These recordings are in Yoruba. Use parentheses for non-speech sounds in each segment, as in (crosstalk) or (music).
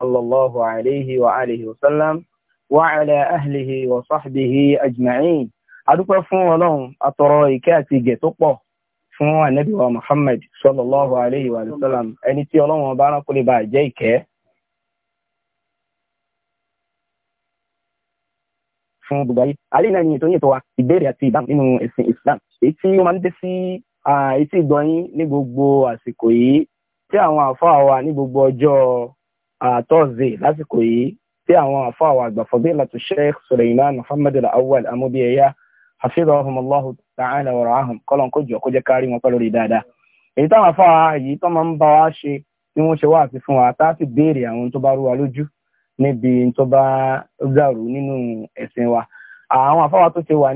صلى الله عليه وآله وسلم وعلى أهله وصحبه أجمعين أدوك فون ولهم أتروي كاتي جتوكو فون النبي محمد صلى الله عليه وآله وسلم أني تي ولهم وبانا كل با جيك fún gbogbo ayé alẹ́ náà ni ètò yìí tó wa ìbéèrè àti ìdáhùn nínú ẹ̀sìn Islam èyí tí ó máa ń dé sí etí ìgbọ̀nyín ní gbogbo àsìkò yìí tí àwọn àfáà wa ní gbogbo ọjọ́ thursday lásìkò yìí tí àwọn àfáàwà àgbà fadilatu sheikh suleiman muhammad al-awwal amúbíyẹyà hafidhahumullahu ta'ala wa rahum kọ́lọ̀n kó jọ kó jẹ́ kárí wọn pẹ́lú rí dáadáa èyí táwọn afáwa yìí tó máa ń bá wa ṣe tí wọ́n ṣe wá àti fún wa tá a sì béèrè àwọn tó bá rú wa lójú níbi tó bá dàrú nínú ẹ̀sìn wa àwọn afáwa tó ti wà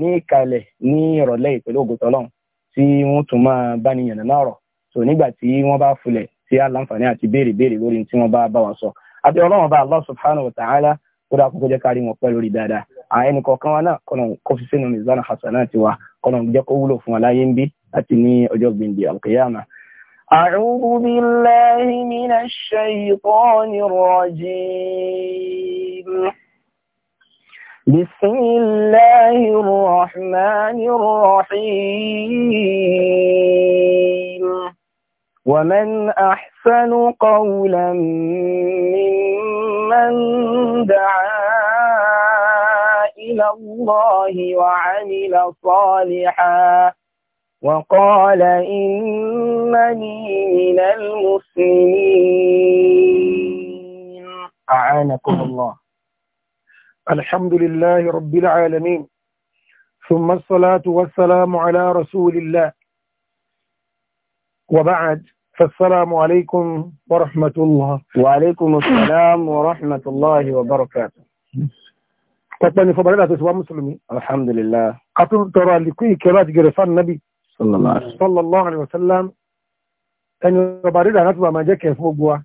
ní ìkàlẹ̀ ní ìrọ̀lẹ́ ìpẹ̀lú ògùtọ́lọ́hún tí wọ́n tún máa bá niyàn náà rọ̀ so nígbà tí wọ́n bá fulẹ̀ tí a láǹfààní àti béèrè béèrè lórí tí wọ́n bá bá wa sọ àti ọlọ́run bá allah subhanahu wa ta'ala kó dà kókó jẹ́ kárí wọn pẹ́ lórí dáadáa àwọn ẹnì kọ̀ọ̀kan wa náà kọ́nà kó fi sínú mizan hasanati wa kọ́nà jẹ́ kó wúlò fún aláyé ń bí láti ní ọjọ́ gbìndì alkiyama. أعوذ بالله من الشيطان الرجيم بسم الله الرحمن الرحيم ومن أحسن قولا ممن دعا إلى الله وعمل صالحا وقال إنني من المسلمين أعانكم الله الحمد لله رب العالمين ثم الصلاة والسلام على رسول الله وبعد فالسلام عليكم ورحمة الله وعليكم السلام ورحمة الله وبركاته تقبل فبرنا تسوى مسلمي الحمد لله قطن ترى لكي كرات جرفان النبي صلى الله عليه وسلم صلى الله عليه وسلم أن يبارد أن أتبع ما جاك يفوقوا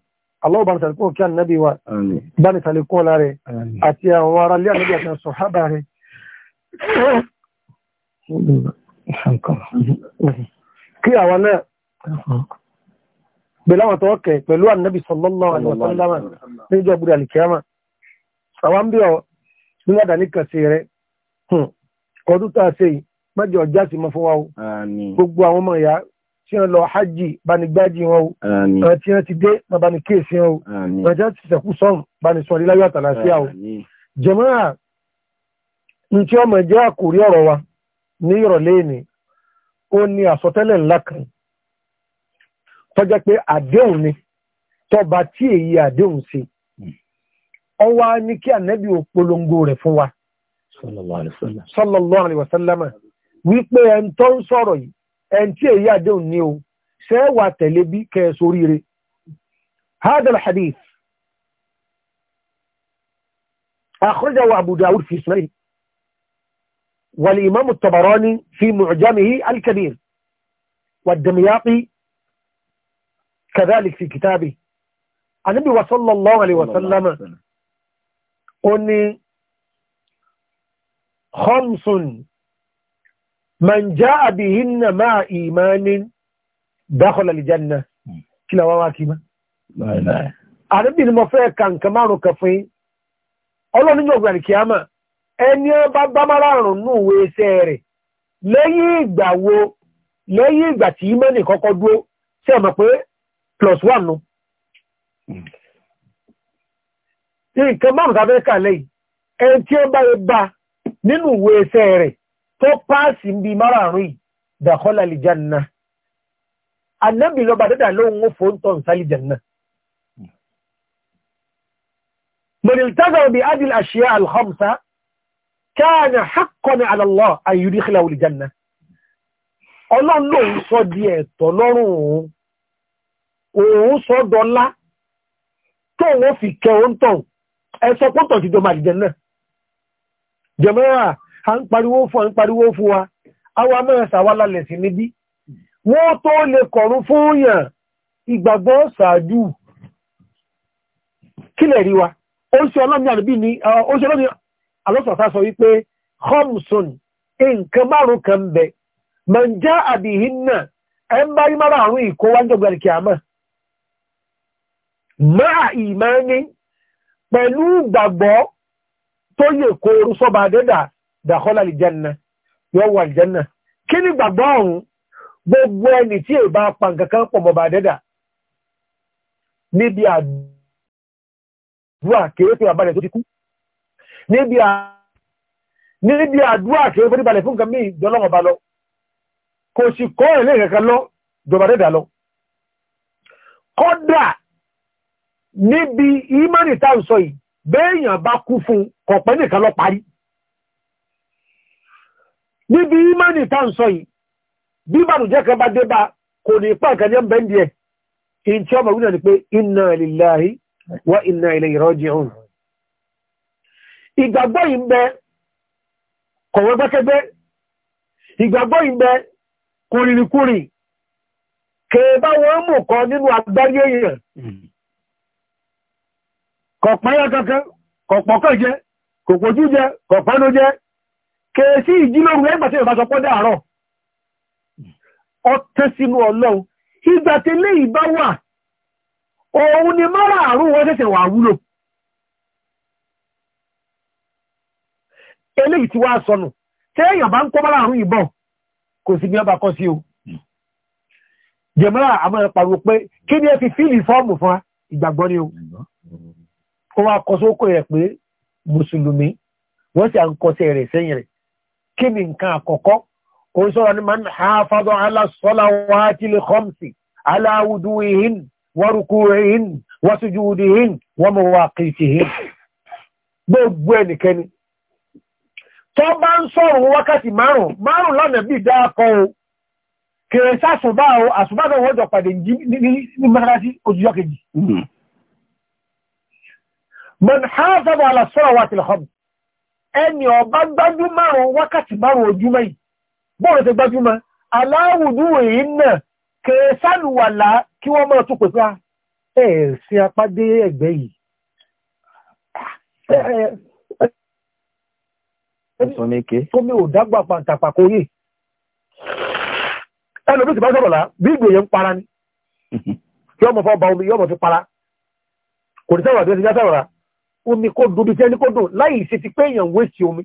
الله بان تلقوا كان نبي و بان تلقوا لاري أتيا وارا لي نبي أتنا الصحابة لاري الحمد لله كي أولا bẹ̀láwọn tó kẹ pẹ̀lú ànábì sallallahu alaihi wa sallam níjọ́ gbúdà alìkíyàmà àwọn ń bí ọ nígbàdà ní kàṣe rẹ hmm. ọdún tá a ṣe yìí májọ ọjà sí mọ fún wa o gbogbo àwọn ọmọ bani kéèsì wọn o àwọn tí wọn bani sọ ní láyọ̀ àtàlàsíà o jàmáà ntí ọmọ ìjẹ́ àkórí ọ̀rọ̀ wa ní ìrọ̀lẹ́ ìní tọ́jọ́ pé àdéhùn ni tọba tí èyí àdéhùn sí ọ wá ní kí ànábì ò polongo rẹ̀ fún wa sallallahu alaihi wasallam wípé eni tó ń sọ̀rọ̀ yìí tí tí èyí àdéhùn ní o ṣe é wà tẹ̀lé bí kẹsọ ríire hadal hadith akhrajahu abu dawud fi ismail wal imam at-tabarani fi mu'jamihi al-kabir wad-damyaqi كذلك في كتابه النبي صلى الله عليه وسلم أني خمس من جاء بهن مع إيمان دخل الجنة كلا وواكما النبي المفاق كان كمان كفين ọlọ́run níjọ́ ọ̀gbìn àríkìámà ẹni ọba gbámárààrùn ní òwe iṣẹ́ rẹ̀ lẹ́yìn ìgbà wo lẹ́yìn ìgbà tí ìmẹ́nì kọ́kọ́ dúró sí ọmọ pé plus one nù. Hmm. nǹkan márùn-ún tàbí kàlẹ́ yìí ẹni tí ó bá yẹ bá nínú ìwé iṣẹ́ rẹ̀ tó páàsì ń bi márààrún yìí dàkọ́lá lè jàǹnà anábì lọ́ba dídà lóhun ó fò ń tọ̀ nsálì jàǹnà. mọ̀nìlítàzà hmm. òbí adìl àṣìyà alhamsa káàní hakọni alàlọ́ ayùdíkìlà olùjàǹnà ọlọ́run lòun sọ di ẹ̀tọ́ lọ́rùn òun òun sọ dọ́lá tó wọ́n fi kẹ oúntàn ẹsọ pọ́tọ̀ ti jọmọ àdìjẹ náà jẹmọ́ra a ń pariwo fún a ń pariwo fún wa awa mẹ́rin sàwálà lẹ̀sìn níbí wọ́n tó lè kọ̀rún fún yàn ìgbàgbọ́ sàájú kílẹ̀ rí wa ó ṣe ọlọ́mí àdúgbì ní ó ṣe ọlọ́mí alọ́sọ̀tà sọ wípé homson nǹkan márùn kan bẹ mọ̀ ń já àbìhín náà ẹ ń bá rí márùn-ún ìkówájọ́gbẹ̀rẹ̀ kìámọ́ máa ìmání pẹ̀lú ìgbàgbọ́ tó yẹ kóoru sọ́ba àdẹ́dà dàkọ́lá àlìjánná yóò wà àlìjánná kí ni gbàgbọ́ ọ̀hún gbogbo ẹni tí èbá pa nǹkan kan pọ̀ mọ́ba àdẹ́dà níbi àdúrà kéré pé àbálẹ̀ tó ti kú níbi àdúrà kéré pé níbalẹ̀ fún nǹkan míì níbi Imanita tá ń sọ yìí béèyàn bá kú fún kọ̀pẹ́ nìkan lọ parí níbi ìmánì tá ń sọ yìí bí bá dé bá kò ní ìkànnì in tí ọmọ wúnà pé inna lillahi wa inna ilayhi raji'un ìgbàgbọ́ kọ̀páyà kankan kọ̀pọ̀kọ̀ jẹ́ kòpòjú jẹ́ kọ̀pánú jẹ́ kèèsí ìjílógún ẹgbàtí ìbá sọ pọ́dá àárọ̀ ọtẹ́ sínú ọlọ́run ìgbà tí lè ìbá wà òun ni mọ́ra àrùn wọ́n tẹ́sẹ̀ wà wúlò eléyìí tí wá sọnù tẹ́yàn bá ń kọ́ mọ́ra àrùn ìbọn kò sí bí ọba kọ́ sí o jẹ̀mọ́ra àmọ́ ẹ̀ pàrọ̀ pé kí ni ẹ fi fíìlì fọ́ọ̀mù fún ìgbàgbọ́ ni o kó wá kọ sókò rẹ̀ pé mùsùlùmí wọ́n sì à ń kọsẹ̀ rẹ̀ sẹ́yìn rẹ̀ kí ni nǹkan àkọ́kọ́ ó sọ̀rọ̀ ní man hafaza ala salawatil khamsi ala wudu'ihin wa ruku'ihin wa sujudihin wa mawaqitihin gbogbo ẹnikẹ́ni tó bá ń sọ̀rọ̀ wákàtí márùn márùn lọ́nà bí dáàkọ́ o kèrè sásùbá o àsùbá náà wọ́n jọ pàdé ní mẹ́rẹ́sí òjújọ́ kejì mm-hmm. من حافظ على الصلوات الخمس ẹni ọba gbájú márùn wákàtí márùn ojúmọ́ yìí bọ́ọ̀rọ̀ ti gbájúmọ́ aláwùdú èyí náà kẹsàlùwàlá kí wọ́n mọ́ tó pèsè ẹ̀ẹ̀sí apádé ẹgbẹ́ yìí tómi ò dágbà pàtàkó yè ẹlòmí ti bá sọ̀rọ̀lá bí ìgbòye ń para ni (laughs) yọ́mọ̀ fọ́ bá omi yọ́mọ̀ fi para kò ní sọ̀rọ̀ àti ẹ̀sìn já sọ̀rọ̀lá omi kó dúdú jẹ́ ní kó dùn láì ṣe ti pé èèyàn wéṣì omi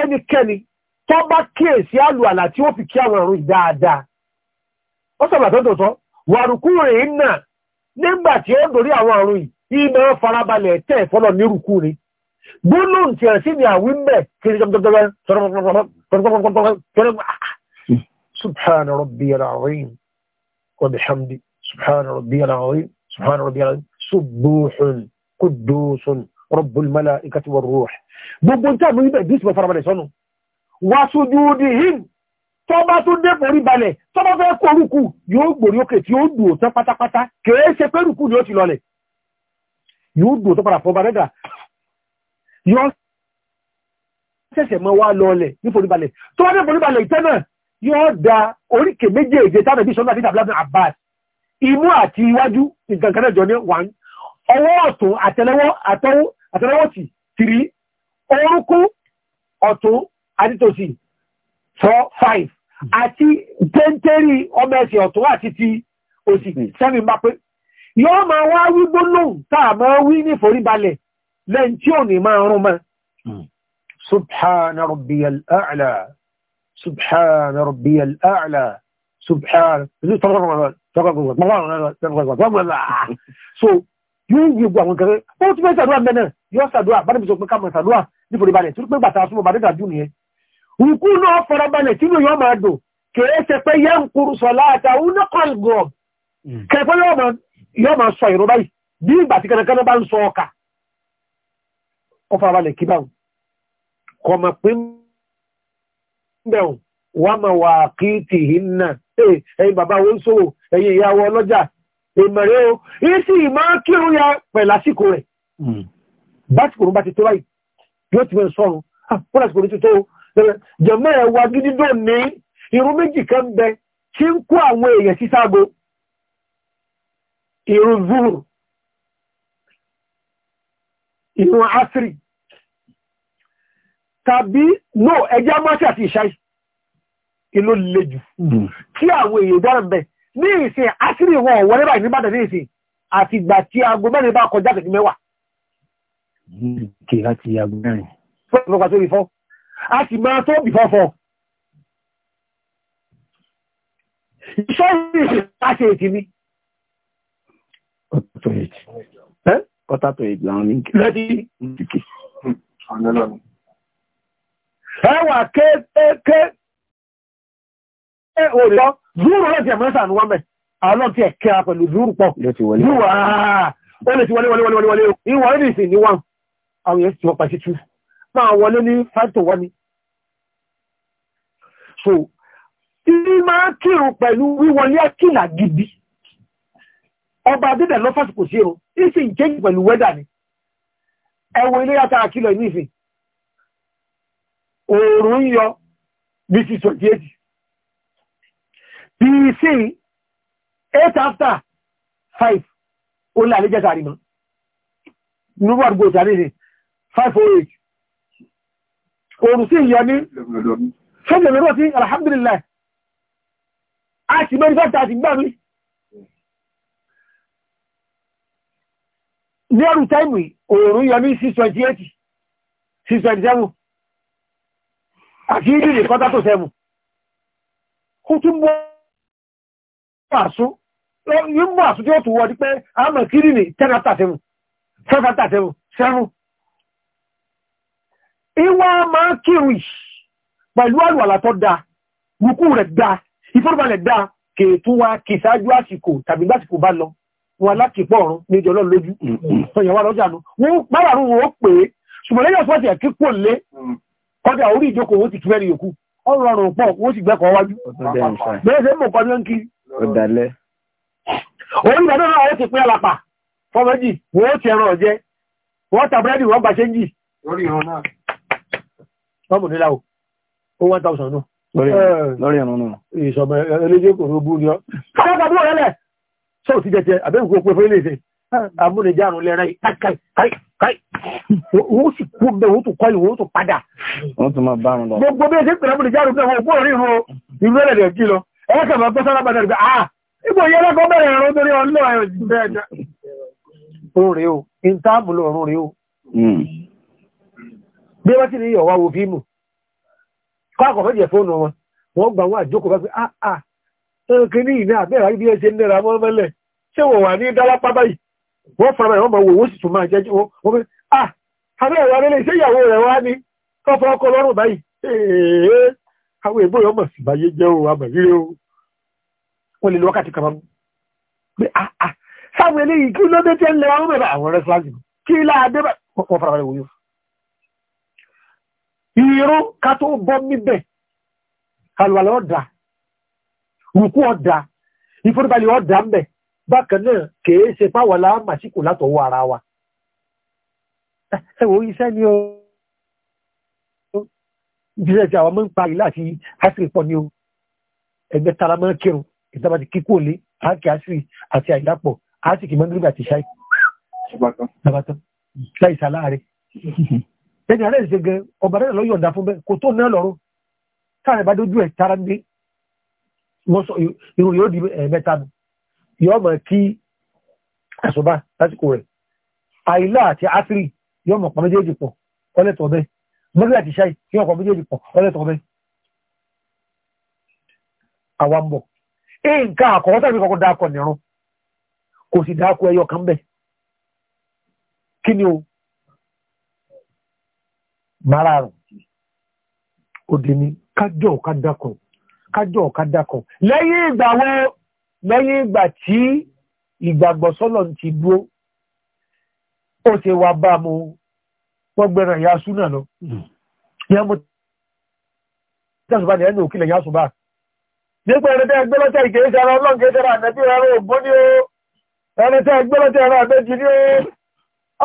ẹnikẹ́ni tó bá kíyèsí àlùwàlà tí ó fi kí àwọn àrùn dáadáa ó sọ̀rọ̀ tó tòótọ́ wàrùkú rèé náà nígbà tí ó dorí àwọn àrùn yìí ìmọ̀ farabalẹ̀ tẹ̀ fọlọ̀ nírùkú rèé gbólóhùn tí ẹ̀sìn ni àwímẹ̀ kiri subhana wa bihamdi subhana rabbiyal azim subhana rabbiyal azim سبوح قدوس رب الملائكة والروح gbogbo tí àwọn ibẹ̀ ìdíṣẹ́ farabalẹ̀ sọ́nù wà sójú òdì hìn tó bá tó dé borí balẹ̀ tó bá fẹ́ kó rúkú yóò gbòrí òkè tí ó dùn òtán pátápátá kèé ṣe pé rúkú ni ó ti lọlẹ̀ yóò dùn òtán padà fọba rẹ́dà yóò ṣẹ̀ṣẹ̀ mọ́ wá lọlẹ̀ ní borí balẹ̀ tó bá dé borí balẹ̀ ìtẹ́ náà yóò da oríkè méjèèjì tábẹ̀ bí sọ́nà àti tàbí Abbas imú àti iwájú nǹkan kan náà jọ ní one ọwọ́ ọ̀tún àtẹ́lẹwọ́ tí tìrí orúnkún ọ̀tún àti tòsì 4 5 àti téńtérí ọmọ ẹsẹ̀ ọ̀tún àti ti òsì 7 bá pé yóò máa wá wí gbólóhùn táà máa wí ní foríbalẹ̀ lẹ́yìn tí ò ní máa rún mọ́ hmm. subhana rabbiyal a'la a'la subhana so yóò yí gbogbo àwọn gẹ̀rẹ́ ó tún fẹ́ sàdúrà mẹ́nà yóò sàdúrà bá níbi sọ pé káàmù sàdúrà nífòrí balẹ̀ tí ó pé bàtà súnmọ́ bàtà dùn nìyẹn òkú náà fara balẹ̀ tí ló yọ́ máa dùn kèé ṣe pé yẹ́ ń kuru sọ láàtà unakol gob kẹfẹ́ yọ́ máa sọ ìró báyìí bí ìgbà tí kanakana bá ń sọ ọkà ó fara balẹ̀ kí báwọn kọ mọ̀ pé bẹ́ẹ̀ wà máa wà kí tìhín náà ẹ̀yin bàbá wọn sọ ẹ̀yin ìyàwó ọlọ́jà èmẹ̀rẹ́ o yìí sì máa kírun ya pẹ̀lú àsìkò rẹ̀ hmm. básìkò rún bá ti tó báyìí yóò ti mẹ́rin sọ́run fún àsìkò rẹ̀ tó jẹ̀mọ́ ẹ̀ wá gídídò ní irun méjì kan bẹ tí ń kó àwọn èèyàn sí sáàgbó irun zuhur irun asiri tàbí no ẹjẹ́ mọ́sí àti ìṣáì ìlú lejù hmm. kí àwọn èèyàn dára bẹ́ẹ̀ ní ìsìn àṣírí wọn wọlé báyìí ní bàtà ní ìsìn àti ìgbà tí aago mẹ́rin bá kọjá tẹ̀kí mẹ́wàá. kì láti aago mẹ́rin. fún ìfọ̀kà tó rí fọ́ a sì máa tó bì fọ́fọ́. iṣẹ́ ìsìn láti ètì mi. ọ̀tọ̀ ètì kọ́tà tó ètì làwọn ní kí. lẹ́tí ẹwà kéékèèké. ẹ ọ́ zúrù láti ẹ̀mẹ́sà ní wọ́n bẹ̀ àwọn tí ẹ̀kẹ́ a pẹ̀lú zúrù pọ̀ níwà ah, ó lè ti wọlé wọlé wọlé wọlé ìwọ̀n ní ìsìn ní wọ́n àwọn èsì wọ́n pàṣẹ tú máa wọlé ní 5 to 1 ni so ilé máa kírun pẹ̀lú wíwọlé kílà gidi ọba adédè lọ fásitì kò sí irun ìsì ń kéjì pẹ̀lú wẹ́dà ni ẹwọ ilé yàtà àkílọ̀ ní ìsìn òòrùn yọ bí ti 28 bc eight after five ó lè àlejẹ́ sàárì mọ́ nígbà àdúgbò sàárì sí five oh eight oòrùn sí ìyọ ní ṣọ́jọ̀ lọ́rọ̀ sí alhamdulillah a ti mẹ́rin fẹ́ta àti gbá mi ní ẹrù táìmù oòrùn yọ ní 628 627 àti ìdílé kọ́tà tó sẹ́mù kó tún bọ́ wàásù yóò mú àsùn tí ó tún wọ́n di pé àmọ̀ kiri ni ten after seven seven after seven seven. ìwà máa kírun pẹ̀lú àlùwàlà tó dáa wùkú rẹ̀ dáa ìfọ́nbalẹ̀ dáa kèétú wa kì sáájú àsìkò tàbí gbàsìkò bá lọ wọn alákìpọ̀ ọ̀run ní ìjọ lọ́run lójú ọ̀yàn wa lọ́jà nù wọn márààrún wọn ó pè é ṣùgbọ́n lẹ́yìn ọ̀sán ti ẹ̀kí pò lé kọjá orí ìjókòó wọn ti tú mẹ́rin yòókù ọ̀rọ̀ ọ̀rùn pọ̀ ó sì gbẹ́kọ̀ọ́ bẹ́ẹ̀ sẹ́ mọ̀ kọ́ ní ń kiri ọ̀dàlẹ́. òun ìgbà náà wọ́n ti pín alapa fọ́mọ́jì wọ́n ti ẹran ọ̀jẹ́ wọ́n ta búrẹ́dì wọ́n gbàṣẹ́ jì. lórí ìran náà. tọ́mù nílá o ó one thousand nù. lórí ìran náà. ìṣọ̀mọ eléjé kò ló bú ni ọ́. káwọn kan bí wọ́n rẹ̀ ṣé ò ti jẹjẹ àbẹ́wò kó pé fún ilé ìfẹ́ hmm. amúnijárun lẹ́rẹ́ káì káì káì wọ́n sì kú bẹ́ẹ̀ wọ́n tún kọ́ ìwọ́n tún padà. wọ́n tún máa bá àrùn lọ. gbogbo bí ẹ ṣe ń pèrè amúnijárun bẹ́ẹ̀ wọ́n ò ẹ̀ẹ́kẹ̀ bá gbọ́sára padà rí ah ibò yẹ lẹ́kọ́ bẹ̀rẹ̀ ẹ̀rọ torí ọlọ́ ẹ̀ òṣìṣẹ́ ẹ̀jẹ̀ òun rèé o ìntààmù ọ̀run o hmm. bí wọ́n ti ní wo fíìmù kọ́ àkọ́fẹ́ jẹ fóònù wọn wọ́n gbà wọn àjókòó bá pé ah, ah, àwọn èèbó yọmọ sí báyé jẹ́ o àmọ̀ rírẹ́ o wọ́n lè lọ wákàtí kan mọ́ pé àà sáwọn eléyìí kí ló dé tẹ́ ń lẹ àwọn mẹ́ta àwọn rẹ́síláàsì kí láàdé bá wọ́n fara wọ́n yóò irun ká tó bọ́ níbẹ̀ kàlùwàlẹ̀ ọ̀dà rùkú ọ̀dà ìforíbalẹ̀ ọ̀dà ń bẹ̀ bákan náà kèé ṣe páwọ̀ láwọn màsíkò ara wa ẹ̀wọ̀ iṣẹ́ ni ó jíṣẹ́ ti àwọn mọ́ ń parí láti àṣírí pọ̀ ní o ẹgbẹ́ tara mọ́ kírun ìjọba ti kíkó lé àákì àṣírí àti àyàpọ̀ àṣírí kì mọ́ndúrúgbà ti ṣáì láì sàláàrẹ̀ (laughs) ẹni ààrẹ ìṣe gan ọba rẹ̀ lọ́yọ̀ ọ̀dà fún bẹ́ẹ̀ kò tó di ẹ̀ẹ̀mẹ́ta nù yọ́ mọ̀ kí àṣùbà lásìkò rẹ̀ àìlá àti àṣírí yọ́ mọ̀ pàmẹ́jẹ́jì mọ́sílẹ̀ àti ṣáì kí ọkọ̀ méjèèjì pọ̀ ọlẹ́tọ̀ bẹ́ẹ̀ àwa ń bọ̀ ee nǹkan àkọ́kọ́ tàbí kọ́kọ́ dákọ̀ nìrún kò sì dákọ̀ ẹyọ kan bẹ̀ kí ni o mara rùn òdì ni kájọ̀ ká dákọ̀ kájọ̀ ká dákọ̀ lẹ́yìn ìgbà wo lẹ́yìn ìgbà tí ìgbàgbọ́sọ́lọ̀ ti dúró ó ti wá bá mu gbọ́gbẹ̀rẹ̀ ìyá súnà lọ hmm. ìyá mo tẹ́sùbá ní ẹni òkìlẹ̀ ìyá súnbà nípa ẹni tẹ́ gbọ́lọ́tẹ́ ìkèéṣẹ́ ara ọlọ́n kèéṣẹ́ ara ànẹ́bí ẹ̀rọ ògbó ní ó ẹni tẹ́ gbọ́lọ́tẹ́ ẹ̀rọ àbẹ́jì ní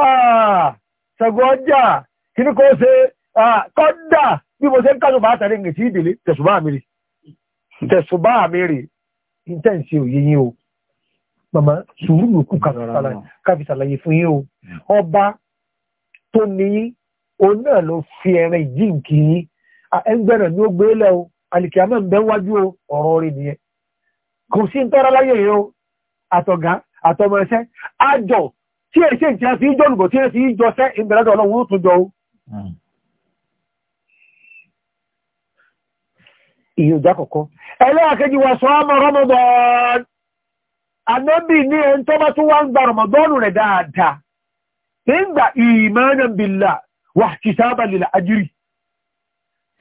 ó ṣẹ̀gùn ọjà kí ní kò ṣe kọ́dà bí mo ṣe ń kásùbà àtàrí ní ti ìdílé tẹ̀sùbá mi rè tẹ̀sùbá mi rè intense òye yín o tó ní òun náà ló fi ẹran ìjíǹkì yín ẹgbẹ̀rún ni ó gbé lẹ̀ o alìkìyàmọ̀ ń bẹ wájú o ọ̀rọ̀ rẹ̀ nìyẹn kò sí ń tọ́ra láyé yìí o àtọ̀gá àtọmọṣẹ́ àjọ tí èyí ṣe ìjẹ́ sí ìjọ olùgbò tí èyí sí ìjọ sẹ́ ìbẹ̀rẹ̀dọ̀ ọlọ́run ó tún jọ o. ìyẹn òjá kọ̀kọ́ ẹlẹ́yàkejì wa sọ ọmọ rọmọdọ́ọ̀n anábì ní ẹni tó bá tún wá ń gba rọmọdọ́ọ̀nù rẹ̀ dáadáa nígbà ìmánàn bìlà wà kì sábà lè àjírí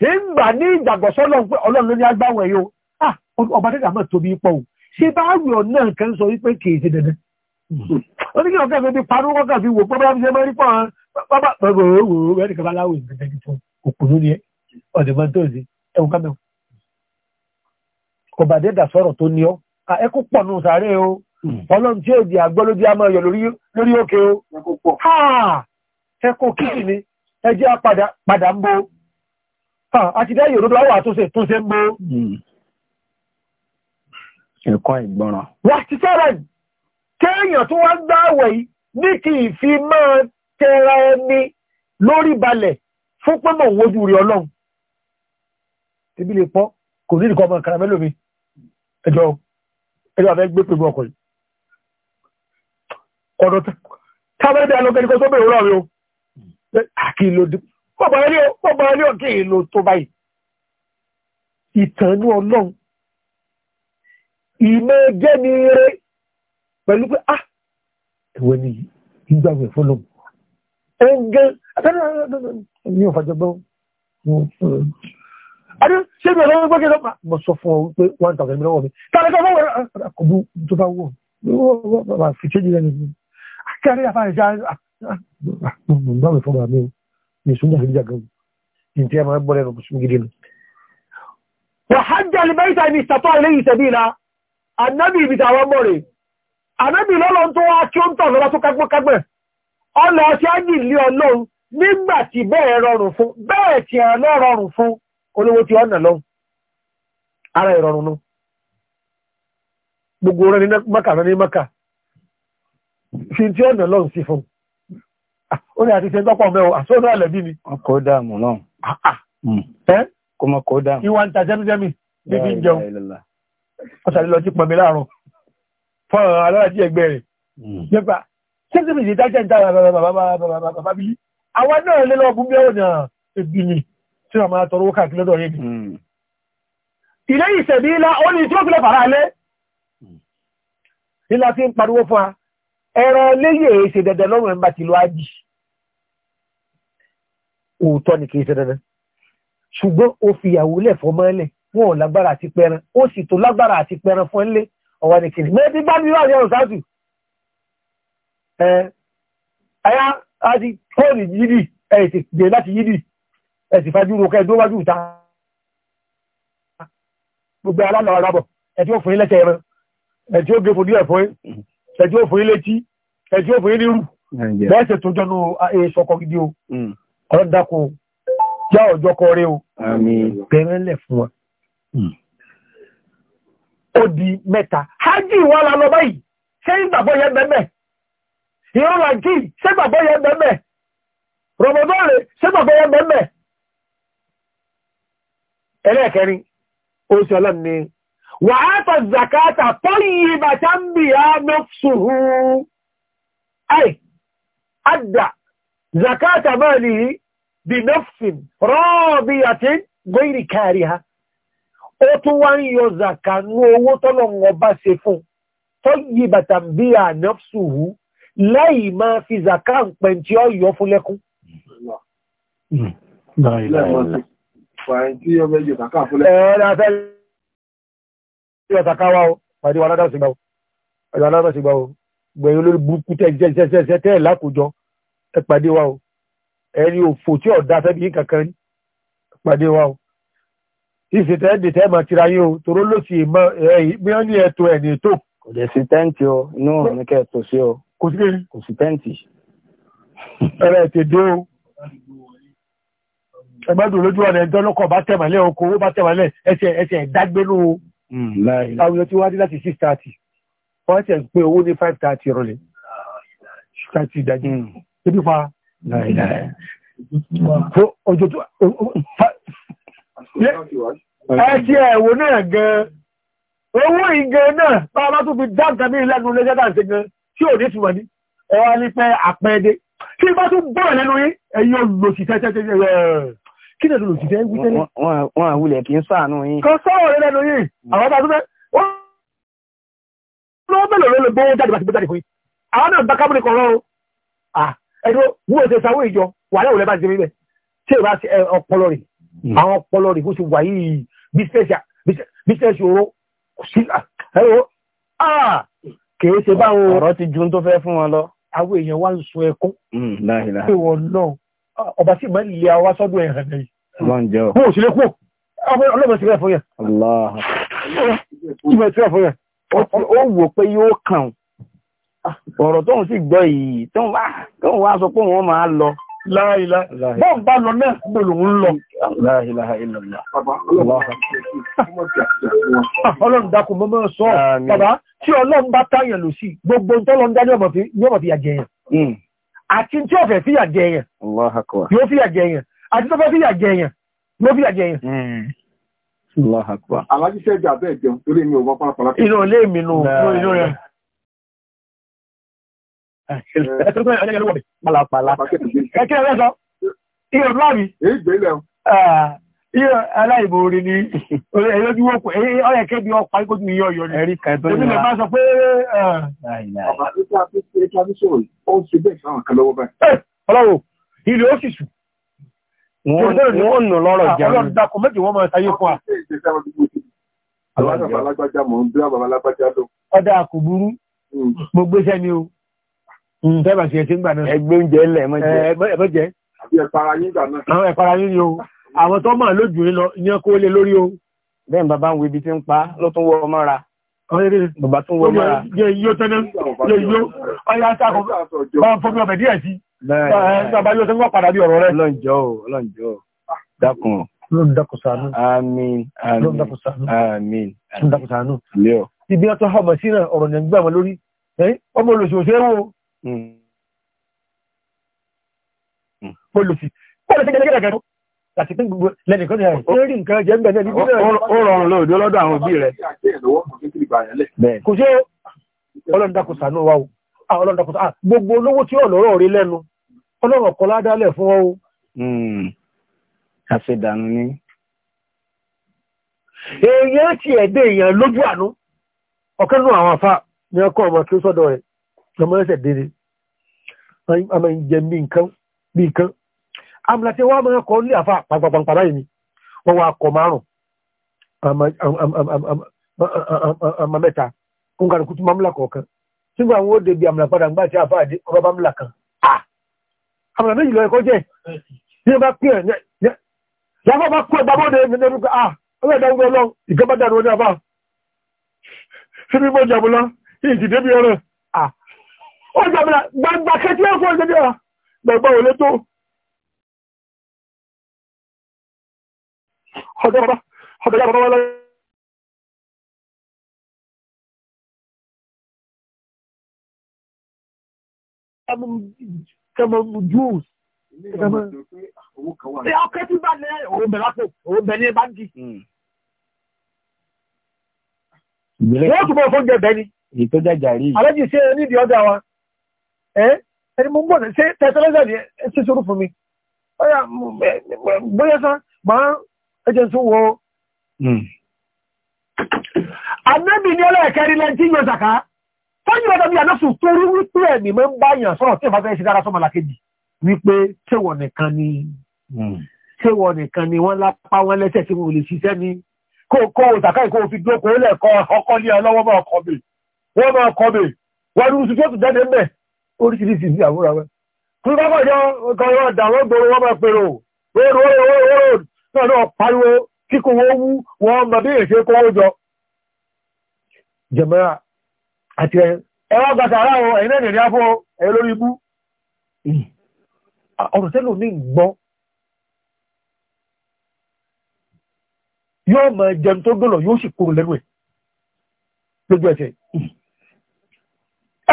nígbà ní ìgbàgbọ́sọ́ ọlọ́run pé ọlọ́run ló ní agbáwọn ẹ̀yọ́ ah, ọba tẹ́tà máa tóbi pọ̀ o ṣé báwọ̀ náà kan sọ wípé kì í ṣe dandan ó ní kí ọ̀gá mi bí parọ́ ọ̀gá fi wò pọ́nbọ́n fi ṣe mọ́ rí pọ̀ pápá pẹ̀lú òwò ẹnì kan bá láwọ̀ ìgbàgbọ́ fún òpònú ni ẹ ọ̀dẹ̀ máa tó tó ní ọ ẹkú pọ̀ nù sàárẹ̀ ọlọ́run tí ó di àgbọ́lódé a máa yọ lórí òkè o ẹkọ kìí ni ẹjẹ́ padà ń bó àti dá yòrò lọ́wọ́ àtúnṣe tó ṣe ń bó ẹ̀kọ́ ìgbọ́ràn wà ti sẹ́rẹ̀ kéèyàn tó wá gbá àwẹ̀ yìí ní kí ìfi máa tẹra ẹni lórí balẹ̀ fún pẹ́mọ̀ wojú rí ọlọ́run ibi lè pọ́ kò ní ìdíkọ́ ọmọ karamelomi ẹjọ́ ẹjọ́ abẹ́ gbé pẹ̀lú ọkùnrin ọ̀dọ̀ tábẹ́lẹ́dẹ́ alọ́gẹ́ni kó sóbẹ̀ òwúrọ̀ rẹ o kí ló dé pọ̀pọ̀ ẹlẹ́ o kí ló tó báyìí ìtànú ọlọ́run ìmọ̀ jẹ́ ní eré pẹ̀lú pé ah ẹ̀wẹ̀ ni ìgbàgbẹ̀ fún lọ́mù ẹ̀ǹgẹ́ ní ọ̀fàjọgbọ́n adé ṣé mi ò lọ́wọ́ gbọ́gẹ́ lọ́pàá mo sọ fún ọ wípé one thousand million wọ̀ mi tààrà tó fọwọ́ rẹ̀ kò bú tó bá wọ̀ wọ́n fi ṣéjì rẹ̀ nìyí kẹ́rẹ́ àfáàrí já ah, ah, gbàgbé fún bàbá mi ní sunjá sí ìjà gan ìtì ẹ̀ máa ń bọ́lẹ̀ rọ̀bùsùn gidi nù. wàhájà lè bẹ́ẹ̀ tàbí ìsàtọ́ ilé ìṣẹ̀bí ìlà anábì ibi tàwọn mọ̀ rè anábì lọ́lọ́ tó wá kí ó ń tàn lọ́wọ́ tó kágbẹ́kágbẹ́ ọlọ́ ọtí ájì ilé ọlọ́run nígbà tí bẹ́ẹ̀ rọrùn fún bẹ́ẹ̀ tí ẹ̀ lọ́ rọrùn fún olówó tí ọ̀nà lọ́hùn ara ìrọ̀rùn nù gbogbo rẹ̀ ní mọ́kà rẹ̀ ní mọ́kà fi tí ọ̀nà lọ́n sí fún ó ní àti ṣe tọ́pọ̀ mẹ́wọ́ àṣọ́nà àlẹ́bí ni. ọkọ̀ dààmú náà. Ah, ah. hmm. ẹ́ kó mọ kó dààmú. ìwà ń ta jẹ́míjẹ́mí níbi ń jẹun wọ́n sàlẹ̀ lọ sí pọnmi láàárọ̀ fún àwọn aláàjì ẹgbẹ́ rẹ̀ hmm. nípa ṣẹ́sìmì sí dájẹ́ ìta bàbá bí àwa náà lé lọ́ọ̀bù bí ọ̀nà ẹbí ni tí wọ́n máa tọrọ káàkiri lọ́dọ̀ yẹn ni. Hmm. ilé ìṣẹ̀bí ilá ó ní tí ó fi lọ fara alẹ́ ilá ti ń pariwo fún wa ẹran léyè e ṣe dandan lọ́rùn ẹ̀mbà tí lọ ájì òótọ́ ni kìí ṣe dandan ṣùgbọ́n ó fi ìyàwó lẹ̀ fọmọ́ ẹlẹ̀ wọn ò lágbára àti pẹran ó sì tó lágbára àti pẹran fún ẹlẹ́ ọwọ́ ni kìí mẹ́rin tí bá ní láàrin ọ̀rọ̀ sáàtù ẹ̀yà àti kóòlì yídì ẹ̀ sì gbé láti yídì ẹ̀ sì fájú ro kẹ́ẹ̀dó wájú ìta gbogbo alálọ̀ arábọ̀ ẹ̀ tí ó fún ilẹ̀ tẹ̀ ẹran ẹ̀ tí ó gbé fòdí ẹ̀ ẹjú òfin létí ẹjú òfin nírù bẹ́ẹ̀sẹ̀ tó jọ́nu sọkọ gidi o hmm. ọ̀dàkù já ọjọ́ kọrí o bẹ̀rẹ̀lẹ̀ fún wa hmm. ó di mẹ́ta hajj wà lálọ báyìí ṣé ìgbàgbọ́ yẹn bẹ́ẹ̀ ìrọ̀lá jì ṣé ìgbàgbọ́ yẹn bẹ́ẹ̀ rọ̀mọ̀dọ́ rẹ̀ ṣé ìgbàgbọ́ yẹn bẹ́ẹ̀ ẹlẹ́ẹ̀kẹrin ó sì ọlọ́run ni wà á tọ̀ zakata tọ́yí bá tá ń bì á nọ́fṣùhù ai adda zakata mali bí nọ́fṣìn rọ́ọ̀bíyàtín gọ́ìrì kárí ha ó tún wá ń yọ zaka ní owó tọ́lọ̀ wọn bá ṣe fún tọ́yí bá tá ń bì á nọ́fṣùhù láì máa fi zaka ń pẹ̀ tí ó yọ fún lẹ́kún Ẹ̀rọ afẹ́lẹ́ tí ọ̀tà káwá o pàdé wa aládàá ṣègbà o pàdé wa aládàá ṣègbà o gbẹ̀yìn olórí burúkú tẹ́ jẹ́jẹ́jẹ́ tẹ́ ẹ̀ lákòjọ ẹ pàdé wa o ẹni òfò tí ọ̀dà fẹ́bi yín kankan ní pàdé wa o ìsì tẹ́ ẹ̀dì tẹ́ máa tira yín o toró ló sì mọ ẹ̀yìn ní ẹ̀tọ́ ẹ̀ ní ètò. kò lójú ọ̀nà ẹ̀jọ́ lọ́kọ̀ bá tẹ̀mọ́lẹ̀ oko ó bá tẹ̀mọ́lẹ̀ ẹsẹ̀ ẹsẹ̀ dágbénú Hmm. àwọn èèyàn tí wá dé láti 6:30 wọ́n tẹ̀ ń pé owó ní 5:30 rọlẹ̀ 6:30 ìdájí tó bí fa ọjọ́ tó ẹ̀kí ẹ̀wò náà gan owó ìgẹ náà bá bá tó fi dáǹkà ní ìlẹ́nu lẹ́gẹ́dà ṣe gan tí ò ní túnmọ̀ ní ẹwà ní pẹ́ àpẹ́ẹ́dé tí bá tún bọ́ọ̀ lẹ́nu yí ẹ̀yìn olùlòsì tẹ́tẹ́tẹ́ kí lè lòlò jìdẹ́ wí tẹ́lẹ̀. wọn àwulẹ̀ kì í ṣàánú yín. kan sọ̀rọ̀ rẹ lẹ́nu yìí hmm. àwọn bá tún fẹ́ wọ́n lọ́wọ́ mélòó ló lè gbówó jáde bá ti gbé jáde fún yín àwọn náà bá kábùrì kan rọrùn ẹ̀dọ́ wúwo ṣe sanwó ìjọ wà láwùlẹ̀ bá ti ṣe bíbẹ̀ ṣé ìbá ṣe ọpọlọ rẹ̀ hmm. àwọn ọpọlọ rẹ̀ kó ṣe wà yìí bísẹ̀ṣì oró ẹ̀rọ kìí ṣe báwọn ọ̀rọ̀ ti ju tó fẹ́ fún wọn lọ àwọn èèyàn wá ń sun ẹkún hmm, ọba tí mọ́ ilé àwa sọ́dọ̀ ẹ̀hàn náà yìí. Mọ́ òṣèlé kú. Ọlọ́mọ ti rẹ̀ fún yẹn. Ìbẹ̀ ti rẹ̀ fún yẹn. Ó wò pé yóò kàn. Ọ̀rọ̀ tóun sì gbọ́ yìí tóun wá tóun wá sọ pé wọ́n máa lọ. Láìlá. Bọ́n bá lọ náà gbò lòun ń lọ. Láìlá ìlọ̀lá. Ọlọ́run dákun mọ́ mọ́ sọ. Bàbá tí ọlọ́run bá táyàn lò sí gbogbo tọ́lọ́ ń dá ní ọmọ fi àjẹyàn. Hmm àti tí ó fẹ́ fìyà jẹ èèyàn yóò fìyà jẹ èèyàn àti tó fẹ́ fìyà jẹ èèyàn yóò fìyà jẹ èèyàn. alájíṣẹ́ ìjà bẹ́ẹ̀ jẹun torí mi ò wọ́n pàápàá. inú ilé mi nù inú rẹ̀. pàlàpàlà kẹ́kẹ́ rẹ̀ sọ ìrọ̀lá mi. èyí gbé lẹ́wọ̀n aláìbòrè ni ẹlójú wọ́pù ọ̀rẹ́ kẹ́bí ọpa ikójú ní ọ̀yọ́ ni ẹ̀rí kan tó ní ọ̀rẹ́ bá sọ pé ọ̀bá tó tí a fi ṣe kí a fi sọ̀rọ̀ ó ṣe bẹ́ẹ̀ sáwọn kan lọ́wọ́ báyìí. ọlọ́wọ́ ilé ó sì sù. wọ́n nù lọ́rọ̀ jẹun ọlọ́run dákọ̀ méjì wọ́n máa sáyé fún wa. ọ̀dà kò burú hmm. mo gbéṣẹ́ ni o. Hmm, tẹ́bà sí ẹ̀ àwọn tó máa lójú lọ ní ọkọ̀ olè lórí o. bẹ́ẹ̀ bàbá ń wo ibi tí ń pa ló tún wọ ọmọ ra. bàbá tún wọ ọmọ ra. yẹ yóò tẹ́lẹ̀ yẹ yóò ọyá sáko bá ń fọmi ọbẹ̀ díẹ̀ sí. bàbá yóò tẹ́lẹ̀ wọ́n padà bí ọ̀rọ̀ rẹ. ọlọ́njọ́ o ọlọ́njọ́ o dákun. lọ́dọ̀dọ̀kọ̀ sànú. àmín àmín lọ́dọ̀dọ̀kọ̀ sànú. àmín lọ́dọ̀dọ̀kọ̀ sànú. ibi ọtọ ọmọ sí náà ọ̀rọ̀ yẹn gbàmọ́ lórí ọmọ olùsòwòsè wo. olùsì. bọ́ọ̀lù ti gẹ́gẹ́ gẹ́gẹ́ àti pé gbogbo lẹ́nìkan ní ẹ̀rọ lórí nǹkan jẹ́ ń bẹ̀ lẹ́ni gbogbo ẹ̀rọ. ó rọrùn lóòdó lọ́dọ̀ àwọn òbí rẹ̀. kò ṣe ọlọ́run dákun ṣàánú wa o ah, ọlọ́run dákun ṣàánú ah, gbogbo olówó tí ọ̀lọ́rọ̀ rí lẹ́nu ọlọ́run ọ̀kọ́ ládálẹ̀ fún ọ o. Hmm. ni. èèyàn ti ẹ̀dẹ́ èèyàn lójú àánú ọ̀kẹ́ nínú àwọn afá ni ọkọ̀ ọmọ kí ó sọ́dọ̀ rẹ̀ ọmọ ẹsẹ̀ dèrè àmọ́ ìjẹ́ bí nǹkan bí nǹkan àmìlàtí wọ́n máa kọ́ ní àfà pàgbàgbàgbàrá yìí wọ́n wá kọ márùn àmà mẹ́ta kúngàrù kútù mamla kọ̀ọ̀kan sígbà àwọn òde bí àmìlà padà tí àfà àdé rọ́bà mìlà kan àmìlà méjì lọ ẹ̀kọ́ jẹ́ ní bá pín ẹ̀ yàtọ̀ bá kú ẹ̀dá bóde ní ẹ̀rú ká ọ̀rẹ́ ẹ̀dá gbogbo ọlọ́ ìjọba dàrú ọdún àfà síbi bí ọ̀rẹ́ ó gbàgbà kẹtí ẹ̀kọ́ ìdìdé ọ̀rẹ́ gbàgbà òlétò ọ̀dọ́rọ̀ ọ̀dọ́rọ̀ ọ̀dọ́rọ̀ lọ́wọ́ kẹmọ jùs kẹmọ ọkẹ tí bá ní òun bẹ lápò òun bẹ ní báńkì. yóò túbọ̀ fún jẹ bẹ́ni. èyí tó wa ẹni mo ń bọ̀ ṣe ni ẹ ṣe sọ̀rọ̀ fún mi bóyá sá máa ẹjẹ́ sún wo anábì hmm. ní ẹlẹ́ẹ̀kẹ́rí lẹ́ntí yóò zaka fọ́jú ọjọ́ bí anásù torí wípé ẹ̀mí mẹ́ ń bá yàn sọ́rọ̀ tí ìfàfẹ́ sí dára sọ́mọ̀lá kejì wípé tẹ́wọ̀ nìkan ni tẹ́wọ̀ hmm. nìkan ni wọ́n lápá wọn lẹ́sẹ̀ tí wọ́n lè ṣiṣẹ́ ni kó zaka ìkó fi dókò ó lẹ̀kọ́ ọkọ́ ní ọlọ́wọ́ máa kọ́ bè wọ́n máa kọ́ bè wọ́n ní oṣù tó jáde mẹ́ oríṣiríṣi sí àwúrà wọn. kí wọ́n bá jọ ọ̀dà wọn gbòòrò wọn máa pèrò náà náà pariwo kíkò wọ́n wú wọ́n mọ̀ bí èṣe kówó jọ jẹ̀mọ́ra àti ẹwà gbàtà ara wọn ẹ̀yìn náà nìyà fún ẹ̀yìn lórí ibú ọ̀rọ̀ tẹ́lò ní gbọ́ yóò mọ̀ jẹun tó gbọ́nà yóò sì kúrò lẹ́nu ẹ̀ lójú ẹ̀sẹ̀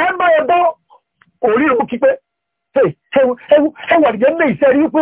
ẹ ń bá ẹ bọ́ orí ìrùn kípẹ́ ẹwà àjẹ́mẹ́ ìṣẹ́rí pé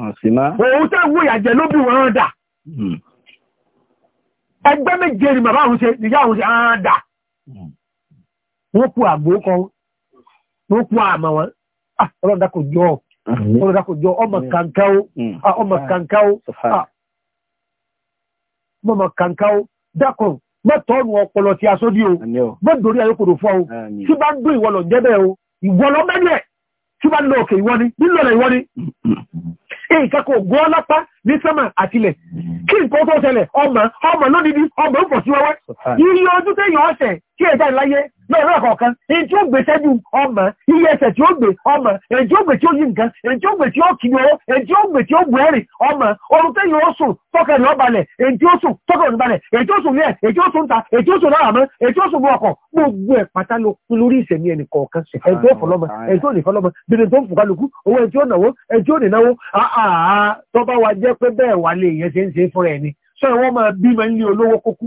òun tẹ́ wó ìyàjẹ́ ló bí wọ́n dà hmm. ẹgbẹ́ méje ni bàbá òun ṣe ìyá òun ṣe án dà hmm. wọ́n kú àgbò kan wọ́n kú àmà wọn ah, ọlọ́dà kò jọ ọlọ́dà kò jọ ọmọ kankan ó hmm. ah, ọmọ kankan ó mọ́mọ́ kankan ó dákùn mẹ́tọ́ọ̀nù ọpọlọ ti aṣọ́dí o mẹ́dòrí ayókòdò fọ́ o tí bá ń dún ìwọlọ̀ jẹ́bẹ̀ o ìwọlọ̀ mẹ́lẹ̀ tí bá ń lọ òkè ìwọ ni nílò ìwọ nǹkan kò gún ọ lápá ní sẹ́mà àtìlẹ̀ kí nǹkan tó ṣẹlẹ̀ ọmọ ọmọ lódìdí ọmọ ń pọ̀ sí wẹ́wẹ́ iye ojú téèyàn ọ̀sẹ̀ tí ẹ̀dá ìláyé lọ́rọ̀ kọ̀ọ̀kan èyí tí ó gbé sẹ́jú ọmọ iye ẹsẹ̀ tí ó gbé ọmọ èyí tí ó gbé tí ó yí nǹkan èyí tí ó gbé tí ó kiri owó èyí tí ó gbé tí ó bu ẹ̀rìn ọmọ orun téèyàn ó sùn tọkẹ̀ ní ọbalẹ̀ èyí tí ó sùn tọkẹ̀ ní balẹ̀ èyí tí ó sùn ní ẹ̀ èyí tí ó sùn ta èyí tí ó sùn lára mọ́ èyí tí ó sùn ní ọkọ̀ gbogbo ẹ̀ pátá ló kú lórí ìṣẹ̀mí ẹnì kọ̀ọ̀kan ẹ̀jọ́ fọlọ́mọ ẹ̀jọ́ òní fọlọ́mọ bìnrin tó ń àà tó bá wa jẹ́ pé bẹ́ẹ̀ wà lè yẹn ṣe ń ṣe fún ẹni sọ ìwọ́n máa bí mẹ́ nílé olówó kókú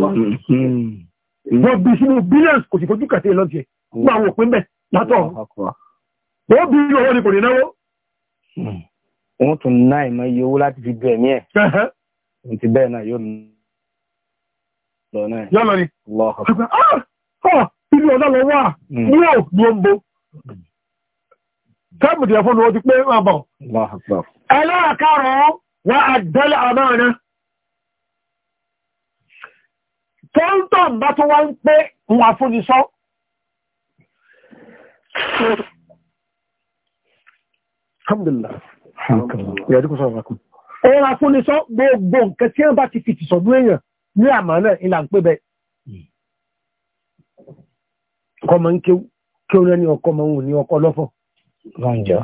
wọ́n mm-hmm. bí sínú billions kò sì fojú kàtẹ́ lọ́jẹ́ gbà wọ́n pín bẹ̀ látọ̀ ó bí owó ni kò ní náwó. wọ́n tún ná ìmọ̀ iye owó láti fi bẹ̀ mí ẹ̀ ti bẹ́ẹ̀ náà yóò lọ náà. yọ lọ ni. lọ́ọ̀ táàmù díẹ̀ fún wọn ti pé wọn bọ̀. ẹlẹ́ẹ̀kárọ̀ wọn àdẹ́lẹ̀ àmánà tó ń tọ̀ bá tó wá ń pé wọn àfúnisọ́ alhamdulillah yàdúkú sọ́rọ̀ rákùn ẹ̀rọ àfúnisọ́ gbogbo nǹkan tí wọ́n bá ti fìtì sọ̀dún èèyàn ní àmánà ìlà ń pè bẹ́ ọkọ̀ ma ń kí ó rẹ́ ní ọkọ̀ ma ní ọkọ̀ lọ́fọ̀ọ́ Vanja.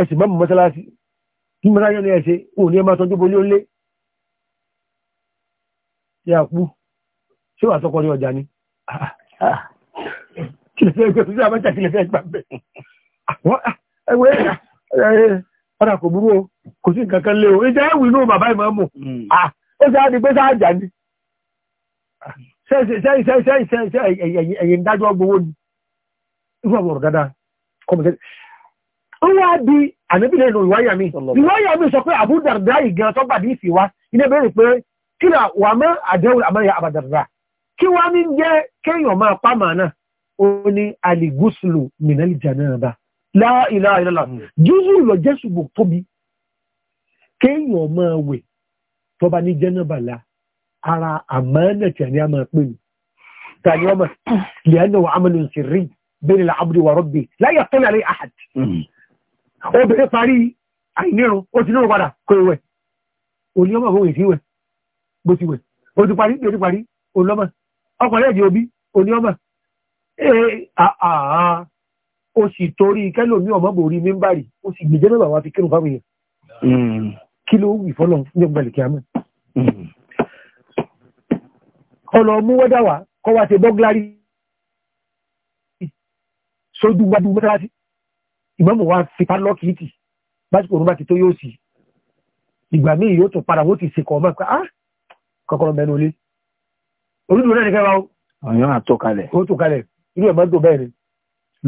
Ẹ̀sìn mọ́ mọ́sálásí, kí mọ́sá yọ́ ní ẹ̀ṣẹ́, ò ní ẹmà tọ́jú bolí ó lé. Ṣé àpú, ṣé wà sọ́kọ́ ní ọjà ni? Kí lè fẹ́ ẹgbẹ́ tó sí àmọ́jà kí lè fẹ́ ẹgbà bẹ̀. Ah, ẹgbẹ́ ọ̀dà kò burú o, kò sí nǹkan kan lé o. Ìjẹ́ ìwì inú bàbá ìmọ̀ mọ̀. Hmm. Ah, ó ṣáà di pé sáà jà ni ẹ̀yìn dájọ́ gbowó ni irú ọ̀rọ̀ dáadáa kọmọ̀tẹ́ ó bí ànábìlẹ̀ ìlú ìwáyà mi sọ pé Abu Darda ìgan tó bàdí ìfìwá ilé bẹ̀rẹ̀ pé kí ni wà mọ́ àdéhùn àmọ́yà Abu kí wá ní jẹ́ kéèyàn máa pa ara àmọ́nà tí a ní a máa pè ní tàbí ọmọ lẹ́yìn wa amúlù sí rí bẹ́ẹ̀ la abúlé wa rọ́bì láyà tó lálẹ́ àhàd obìnrin parí àìnírun ó ti nírun padà kó ìwẹ̀ òní ọmọ òun ìsíwẹ̀ bó ti wẹ̀ ó ti parí ó ti parí òun lọ́mọ ọkùnrin ẹ̀dì òbí òní ọmọ ó sì torí kẹ́lòmí ọmọ bòrí mímbàrí ó sì gbèjẹ́ mẹ́bàá wa fi kírun fáwọn èèyàn hmm. kí ló wù fọ́lọ́ ní ọgbàlẹ̀ kí a mọ̀ kọlọ mú wọ́dà wá kọ́ wá ṣe bọ́glárí sójú wájú mọ́sálásí ìmọ̀mù wa fi pálọ́ọ̀kì ìtì básìkò òun bá ti tó yóò sì ìgbà míì yóò tún padà wọ́n ti ṣe kọ́ ọmọ ẹ̀ka ah, kọ́kọ́rọ́ mẹ́nu ilé onídùúró náà ní kẹwàá o. ọ̀yàn àtọkalẹ̀. ó tó kalẹ̀ inú ẹ̀ máa ń tó bẹ́ẹ̀ ni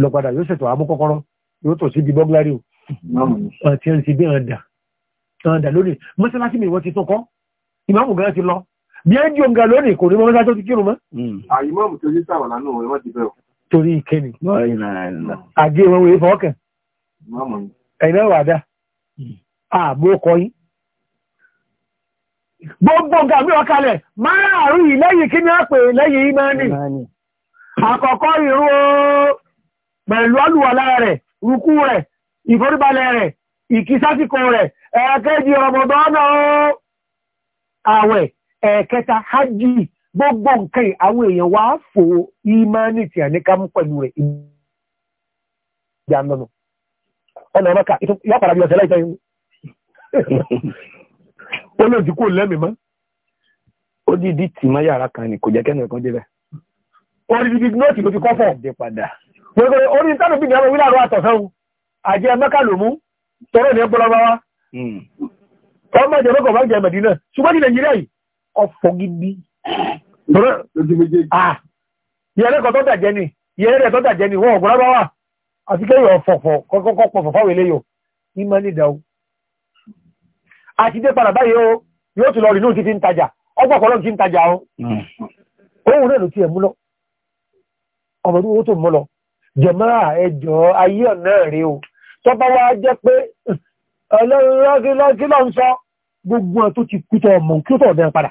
lọ padà yóò ṣètò àmú ẹni ti bí ọ̀dà lónìí mọ́sálásí mi wọ́n ti tún kọ́ ìmọ̀mù gan ti lọ bí ẹ́ jọ ǹgà lónìí kò ní mọ́ mọ́sá ti kírun mọ́. Hmm. àyímọ́mù tó náà wọ́n ti torí ìkẹ́ni àgé wọn náà wà dá àbó kọ yín. gbogbo ǹgà mi wọ́n kalẹ̀ márààrún yìí lẹ́yìn kí ni wọ́n pè lẹ́yìn àkọ́kọ́ ìrú pẹ̀lú rẹ̀ rúkú rẹ̀ ìforíbalẹ̀ rẹ̀ ìkísásíkọ rẹ̀ ẹ̀ẹ́kẹ́jì àwẹ̀ ẹ̀ẹ̀kẹta hajj gbogbo nǹkan àwọn èèyàn wá fò ìmánì tí a ní ká mú pẹ̀lú rẹ̀ ìjànà nù ọ̀nà ọ̀nàkà yọ́pàá bí ọ̀sẹ̀ láìpẹ́ yìí (laughs) ó lòdì kò lẹ́mìí mọ́. ó dìdí tì mọ́ yàrá kan ni kò jẹ́ kẹ́nu ẹ̀kan débẹ̀. orí dídí ló ti kọ́ fọ̀. padà. orí wíláàrọ̀ àtọ̀sán tọrọ ní ẹgbọ́n lọ́wọ́ wa. Hmm. ọmọ ìjọba kò bá jẹ ọ̀fọ̀ gidi. yẹrẹ kan tó ni yẹrẹ rẹ̀ tó dàjẹ́ ni wọn ò gbọ́dọ̀ bá wà àti kéèyàn ọ̀fọ̀fọ̀ kọ́kọ́ pọ̀ fọ́fọ́ wẹ̀lẹ́ yọ ní mọ́ nídà o. àti dé padà báyìí o yóò tún lọ rìn lóòtí fi ń tajà ọgbà kọlọ́ fi ń tajà o. Hmm. òun náà ló tiẹ̀ mú lọ ọmọ ìlú owó tó mú lọ jẹ̀mọ́ra ẹjọ́ ayé ọ̀nà rẹ̀ o tọ́ba wa jẹ́ pé ọlọ́run lọ́kí lọ́kí lọ́ sọ gbogbo ẹ̀ tó ti kú tọ́ ọmọ kí ó tọ̀ ọ̀dẹ́ padà.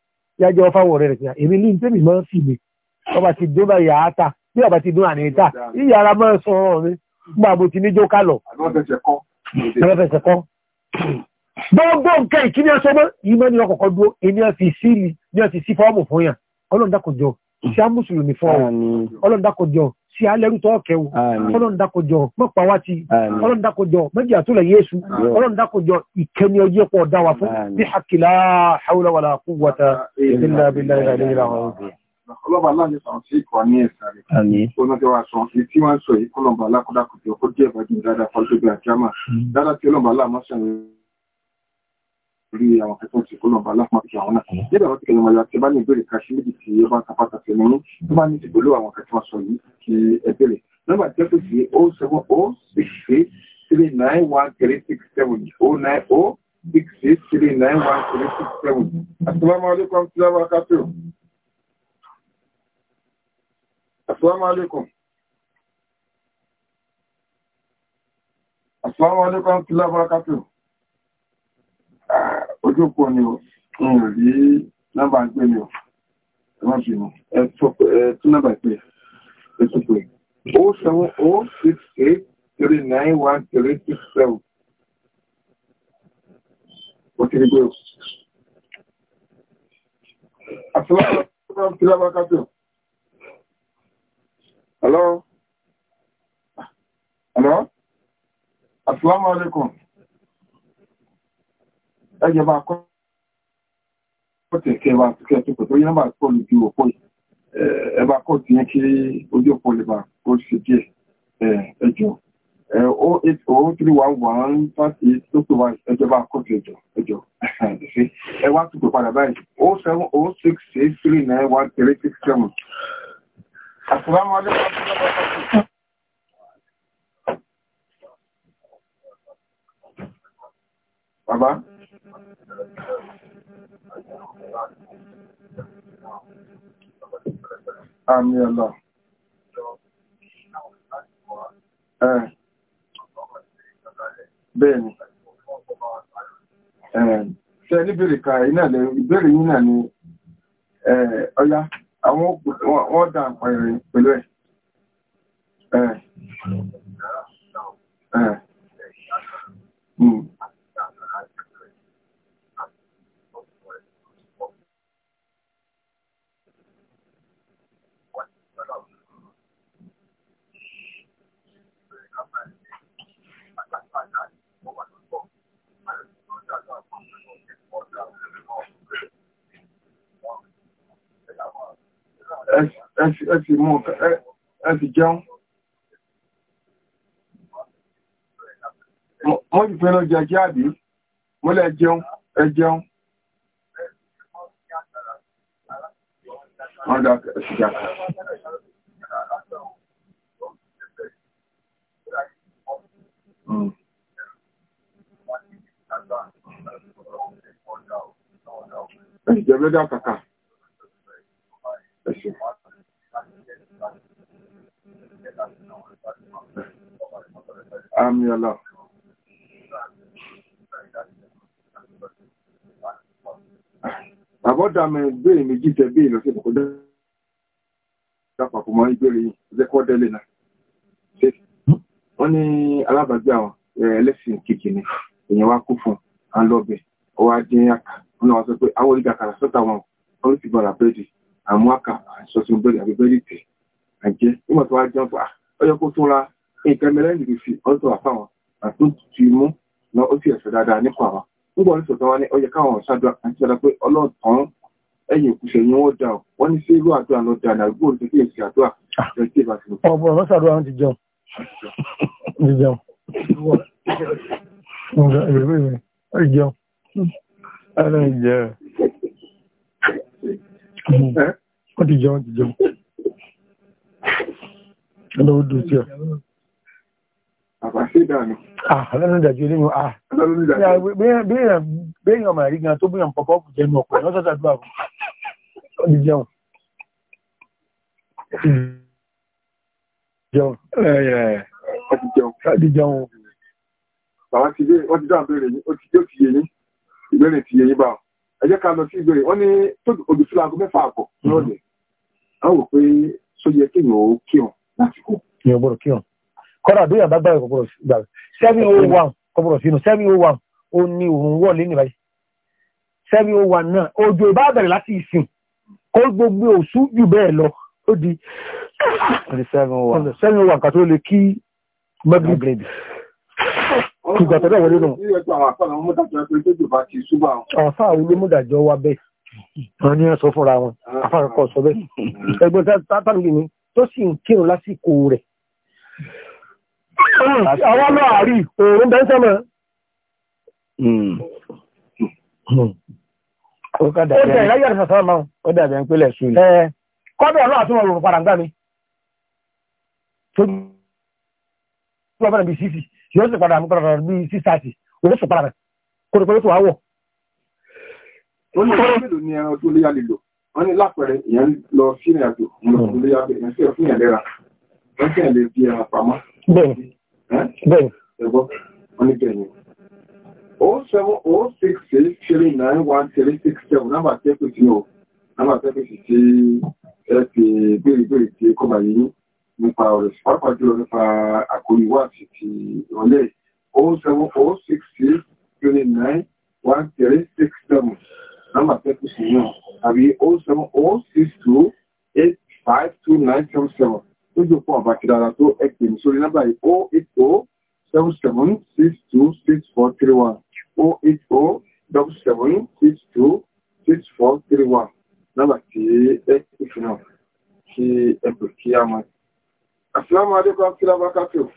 yájọ́ fáwọn ọ̀rẹ́ rẹ̀ pé èmi ní tèmi máa ń fi mi ọba ti dún bá yà á ta bí ọba ti dún àní ta yíyà ara máa ń sọ ọ̀rọ̀ mi nígbà mo ti níjó ká lọ. àlọ́fẹsẹ̀ kọ́. gbogbo nǹkan ìkíni ọ̀sẹ̀ mọ́ yìí máa ń lọ kọ̀kọ́ dúró èmi ọ̀ fi sí ni ọ̀ fi sí fọ́ọ̀mù fún yàn ọlọ́run dákòjọ́ ìṣá mùsùlùmí sí alẹ́rù tó kẹwù ọlọ́run dákọjọ mọ́pàá wá ti ọlọ́run dákọjọ méjì àtúlẹ̀ yéṣu ọlọ́run dákọjọ ìkẹni ọjọ́ pọ̀ dá wa fún bí hakila haula wala quwwata illa billahi alaihi wa ọlọ́ba aláàjọ sọ̀rọ̀ sí ikọ̀ ní ẹ̀sà rẹ̀. àmín. onájọ́ wa sọ èyí tí wọ́n sọ yìí kọ́lọ́ba alákọ̀dákùtì ọkọ̀ díẹ̀ bá jẹ́ dáadáa fọ́lọ́dọ́gbẹ̀ rí àwọn akẹ́kọ̀ọ́ tí kò lọ́ba lápapọ̀ sí àwọn náà. Nígbà wọn ti kẹ̀lé wọn yọ àti bá ní ìbéèrè ká ṣe méjì tí ó bá ń sapá tàṣẹ nínú tó bá ní ìdìbò lọ́wọ́ àwọn akẹ́kọ̀ọ́ sọ yìí kí ẹ bẹ̀rẹ̀. Nọ́mbà jẹ́ pé sí O seven O six six three nine one three six seven O nine O six six three nine one three six seven. Asalaamu alaykum tí wọ́n bá ká tó. Asalaamu alaykum. Asalaamu alaykum tí wọ́n bá ká tó ojú pọ̀ ni o n ò rí nọ́mbà ń pè ní o ẹ má bínú ẹ tún nọ́mbà pè ẹ tún pè o seven o six eight three nine one three six seven o kiri gbé o. Asalaamualeykum kí ló bá Hello? Hello? Asalaamualeykum ẹjọ máa kọ́ ọ̀tẹ̀ kẹ wa kẹ tó pẹ̀tọ́ yẹn máa kọ́ lójú òpó yìí ẹ bá kọ́ tiẹ̀ kí ojú òpó lè máa kó ṣe díẹ̀ ẹjọ o eight o three one one five eight tó pè wá ẹjọ máa kọ́ tiẹ̀ jọ ẹjọ ẹ wá tó pè padà báyìí o seven o six eight three nine one three six seven. Baba. Mm -hmm. Àmì ọ̀lá. Eh. Eh. Ẹ bẹ́ẹ̀ ni. níbèrè ka iná lẹ ìbéèrè yín náà ni eh, ọya àwọn wọ́n dá àpá pẹ̀lú ẹ̀. Ẹ. Ẹ. Hmm. ẹ sì mú ẹ sì jẹun wọ́n ti fẹ́ràn jẹ kí àbí mọ́lẹ̀ jẹun ẹ jẹun ọ̀dà ṣìjà ẹ sì jẹ́ bẹ́dà kàkà. Àmì ọ̀la. Àbọ́dà mẹ béèrè méjì tẹ béèrè lọ sí ìbùkúdá. Dápapọ̀ mọ́ ìgbèrè yìí, lẹ́kọ́ dẹ́lẹ̀ náà. Wọ́n ní alábàágbé àwọn ẹlẹ́sìn kìkì ni, èèyàn wá kú fún un, à ń lọ bẹ̀, ọwọ́ á dín àkà, wọ́n náà wá sọ pé àwọn oníkàkàrà sọ́tà wọn, wọ́n ti gbọ́dọ̀ bẹ́ẹ̀dì àmúwákà àṣọṣin bẹ́ẹ̀ àbí bẹ́ẹ̀ tẹ̀ àjẹ́ nígbà tó wá jẹun fún ọjọ́ kó tún ra nǹkan mẹ́rẹ́ ìlú fi ọ̀tọ̀ àfáwọn àti ti mú lọ ó sì ẹ̀sẹ̀ dáadáa nípa àwọn nígbà oníṣòwò tó wá ní ọjọ́ káwọn ṣáàdúrà àti ṣáàdúrà pé ọlọ́ọ̀tàn ẹ̀yìn òkúṣẹ́ ni wọ́n dà wọ́n ní sí irú àdúrà lọ dà ní àgbò òṣèlú èsì àdúrà rẹ̀ ah. sí ìbá sílẹ̀. ọ̀bọ̀ ọ̀rọ̀ ṣàdúrà wọn ti jẹun ti jẹun ẹ̀rọ ìjẹun ẹ̀rọ ìjẹun. Mm. Eh? ó ti jẹun ti jẹun ọlọ́wọ́ dùn sí ọ. àbáṣe dànù. ọlọ́run ìdàjú nínú a béèyàn màrí gan tó béèyàn pọ̀pọ̀ kù jẹ́nu ọ̀pọ̀ ẹ̀ lọ́sọ̀tà dúrà kù ó ti jẹun. jẹun ó ti jẹun ó ti jẹun. bàbá ti dé wọ́n ti dá àbẹ̀rẹ̀ yín ó ti yé yín ìbéèrè ti yé yín báwọn ẹ ká lọ sí ìbéèrè wọ́n ní olùsílẹ̀ aago mẹ́fà àbọ̀ lọ́ọ̀dẹ̀ wọ́n wò pé só kí ìyàn ó kí wọn lásìkò. ìyàn gbọ́dọ̀ kí wọn kọ́dà bí ìyàn bá gbàgbé gbà seven O oh one kọ́kọ́rọ̀ sínú seven oh one ó ní òun wọlé ní báyìí seven oh one náà òjò ìbá bẹ̀rẹ̀ láti ìsìn kó gbogbo òṣù jù bẹ́ẹ̀ lọ ó di seven oh one oh kàtó lè kí mẹ́gbẹ̀gbẹ̀ ṣùgbọ́n tọ́lẹ̀ wọlé nù. ọ̀fà àwọn olómúdàjọ́ wa bẹ́ẹ̀ wọ́n ní sọ fúnra wọn afárẹ́kọ̀ ah. sọ bẹ́ẹ̀ ẹgbẹ́ tátàlù ni tó sì ń kírun lásìkò rẹ̀. Ah. àwọn náà rí òun bẹ́ẹ̀ sẹ́mọ̀. Hmm. ó bẹ̀rẹ̀ láyé àti sàtàn máa ń. ó dàbí ẹni pé lẹ̀ sùn. kọ́bẹ̀ ọlọ́run àti wọn lòrùn padà ń gbà mí tí wọ́n bẹ̀rẹ̀ bí sísì yóò sì padà múpadà bí sísàtì òun sì padà kórókóró tó àwọ̀. ó ní ọdún mélòó ni ẹran ọdún léyà lè lò wọ́n ní lápẹẹrẹ ìyẹn lọ sí ìrìn àjò ọdún léyà bẹ̀rẹ̀ sí ẹ̀fún yẹn lẹ́ra wọ́n sì lè di ẹran pamọ́. bẹ́ẹ̀ni bẹ́ẹ̀ni. ẹ̀gbọ́n wọ́n ní bẹ́ẹ̀ ni. o seven o six eight three nine one three six seven nọ́mbà tẹ́kùtì o nọ́mbà tẹ́kùtì tí ẹ ti béèrè béèrè tí kò máa yẹ yín nípa ọ̀rọ̀ pàápàá jùlọ nípa àkórí wá sí ti ìrọ̀lẹ́ o oh seven four six six twenty nine one three six seven nọ́mbà tẹ́kù sí náà o oh seven four oh six two eight five two nine seven seven tó jò fún àbàkì dára tó ẹgbẹ́ mi sórí nọ́mbà yìí o eight o seven seven six two six four three one o eight o double seven six two six four three one nọ́mbà tí ẹgbẹ́ mi náà ṣe ẹgbẹ́ kí a máa. Assalamu alaikum warahmatullahi wabarakatuh.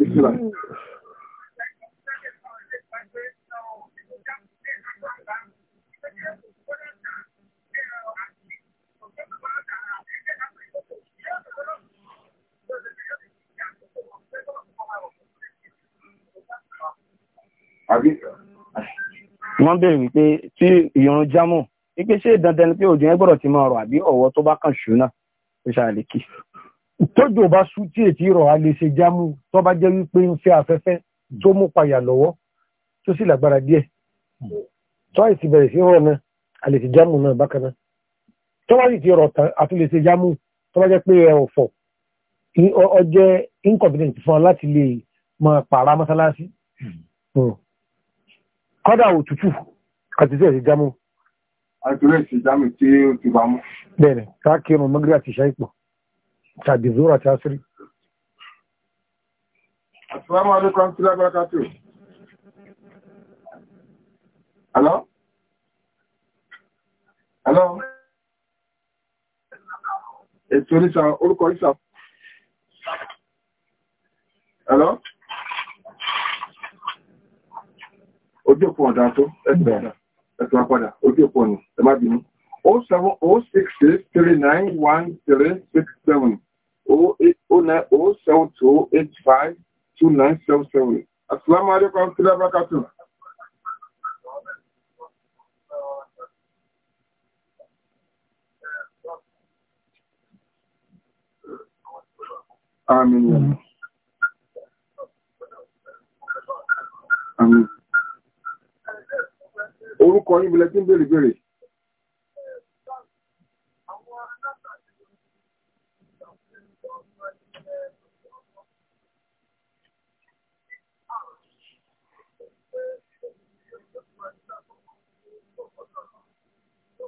Bismillah. wọ́n bèèrè wípé tí ìyọrun jámọ̀ wípé ṣé dandan ni pé òjò yẹn gbọ́dọ̀ ti máa rọ̀ àbí ọ̀wọ́ tó bá kàn ṣù náà ó ṣàlè kí. tójò bá sú tí ètí rọ̀ a lè ṣe jámù tó bá jẹ́ wípé ń fẹ́ afẹ́fẹ́ tó mú payà lọ́wọ́ tó sì lágbára díẹ̀. tó àìsí bẹ̀rẹ̀ sí rọ̀ náà a lè ṣe jámù náà bákan náà. tó bá sì ti rọ̀ tán a lè ṣe jámù tó bá jẹ́ pé ẹ ò fọ̀ ọjẹ́ inconvenient fún ọ láti lè máa pààrà mọ́sálásí. Mm kọ́dà òtútù àti tí ẹ̀ sí jámù. àtúrò ìsìn jámù tí ó ti bá mú. bẹ́ẹ̀ni káàkiri magre àti ìṣá ipò tàbí zoro àti asiri. assalamu alaikum tí lágbára kátó. hello. hello. ètò oríṣà orúkọ oríṣà. hello. ojú òpó ọ̀dà tó ẹ̀tọ́ ẹ̀tọ́ àpadà ojú òpó ọ̀nà ẹ má bínú. o oh seven o oh six six three nine one three six o o oh nine o seven two eight five two nine seven seven. asalaamualeykum wa rahmatulahi wa barakatuh. Amin. Amin orúkọ yín bilẹ̀ tí ń béèrè béèrè.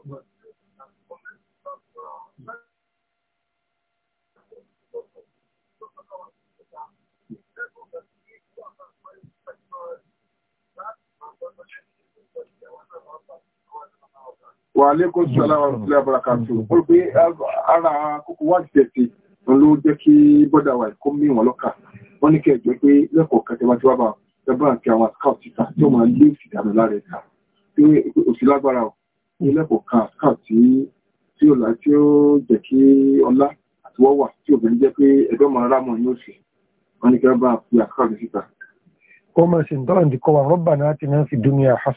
What? wà lẹ́kọ̀ọ́ sí aláwọ̀ sílẹ̀ àbúrakàtù ó pé ara kókó wá jẹ̀tì ló jẹ́ kí bọ́dà wà kó mí wọn lọ́kà wọ́n ní kẹjọ pé lẹ́kọ̀ọ́ kẹtẹ́wá tí wàá bá ẹbá àti àwọn scout títà tí ó máa lé òsì dànù lára ẹ̀ka pé òsì lágbára ò ní lẹ́kọ̀ọ́ kan scout tí ó là tí ó jẹ́ kí ọlá àti wọ́n wà tí òbí jẹ́ pé ẹgbẹ́ máa rámọ̀ ní òsì wọ́n ní kẹ́ bá fi àkáàdì síta. ó máa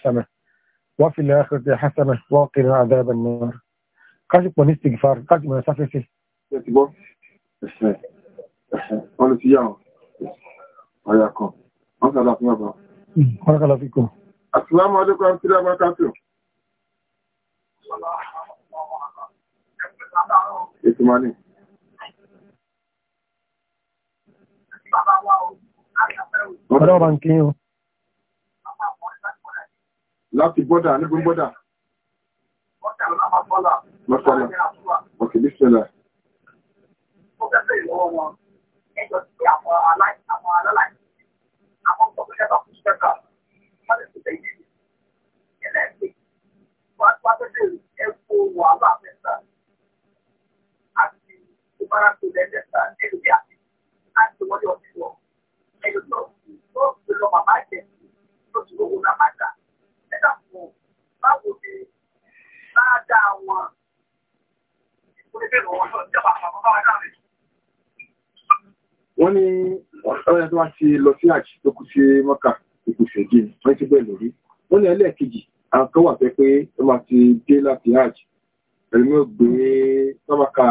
ṣe ń وفي الآخرة حسنة وقنا عذاب النار káṣì pọ̀ ní stigfar káṣì mọ̀ sáfẹ́fẹ́. ṣe ti gbọ́ ẹ̀ṣẹ̀ ẹ̀ṣẹ̀ wọ́n lè ti yá wọn ọ̀yà kan wọ́n kàlà fún ọba. wọ́n kàlà fi kàn. asalaamu alaykum wa rahmatulahi wa barakatuh. ètò máa ní. ọ̀dọ́ ọba ń kí yín o láti bọ́dà níbi bọ́dà. Mọ́sálà. Ok, bísílẹ̀. Mo fẹ́ wọn, ẹjọ́ sí àwọn alálàyé, àwọn tó fẹ́ bá kú sẹ́kà, wọ́n lè fi bẹ̀rẹ̀ yìí. Ẹlẹ́ẹ̀kejì, wọ́n á bẹ̀rẹ̀ ẹ̀kọ́ wàhálà mẹ́ta àti ìbárakù lẹ́ẹ̀mẹ́ta nínú bí àti láti wọlé ọ̀sìn lọ bàbá jẹ lóṣù owó náà máa wò báwo ni dáadáa wọn wọ́n ní ọ̀rẹ́ tó wá ti lọ sí àjì tó kú sí mọ́kà ìpèsè jí wọ́n ti bẹ́ẹ̀ lórí wọ́n ní ẹlẹ́ẹ̀kejì àwọn kan wà pẹ́ pé wọ́n máa ti dé láti àjì ẹ̀lùmí ò gbé tọ́bàkà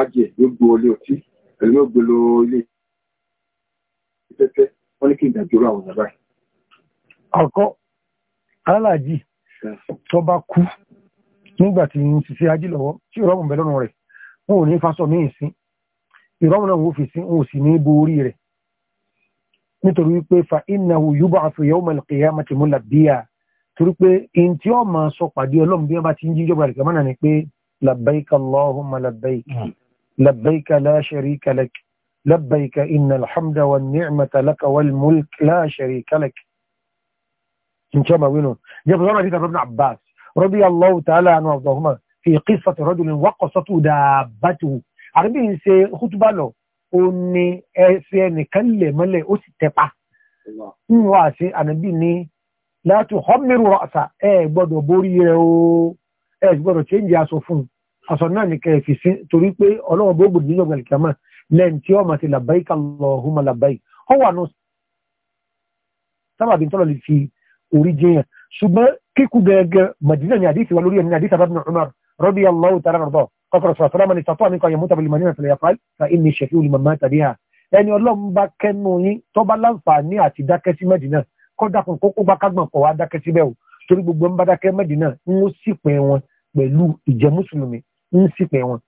àjẹ ló gbó olé ọtí ẹ̀lùmí ò gbé lọ ilé pẹ́pẹ́ wọ́n ní kí ìdájọ́ àwọn ọ̀nà báyìí aláàjì tó bá kú nígbà tí ń ṣiṣẹ́ ají lọ́wọ́ tí ìrọ́mù bẹ lọ́rùn rẹ̀ wọn ò ní fásọ míì sí ìrọ́mù náà wọ́n fi sí wọn ò sì ní bo orí rẹ̀ nítorí wípé fa innahu yub'athu yawma al-qiyamati mulabbiya torí pé in tí ó máa sọ pàdé ọlọ́run bí wọ́n bá ti ń jíjọba rẹ̀ إن شاء الله وينه جاء حديث ابن عباس رضي الله تعالى عنه وارضاهما في قصة رجل وقصته دابته àrẹ́bí ń ṣe kútúbà lọ ó ní ẹsẹ̀ nìkan lè mọ́lẹ̀ ó sì tẹpa nínú àṣẹ ànábì ní láti họ́mìrù ọ̀sà ẹ gbọ́dọ̀ borí rẹ o ẹ gbọ́dọ̀ ṣéǹjì aṣọ fún un aṣọ náà ní kẹfì sí torí pé ọlọ́wọ́n bó gbòdì níjọba ìkàmà lẹ́yìn tí ọmọ ti labbaik Allahumma labbaik ọ wà nù sábàbí tọ́lọ̀ lè fi orí jẹyàn ṣùgbọ́n kíkú gẹ́gẹ́ Madina ni àdíṣì wà lórí ẹni àdíṣì àbábìnà Umar radiyallahu ta'ala anhu kọkọrọ sọ̀rọ̀ sọ́lá mani sọ́tọ́ àmì kan yẹmú tàbí limanina tẹ̀lé yàpá fa inni shafi'u liman mata biha ẹni ọlọ́run bá kẹnu yín tó bá láǹfààní àti dákẹ́ sí Madina kọ́ dákun kókó bá kágbọ̀n pọ̀ wá dákẹ́ síbẹ̀ o torí gbogbo ń bá dákẹ́ Madina ń ó sì pẹ́ wọn pẹ̀lú ìjẹ́ mùsùlùmí ń sì pẹ́ wọn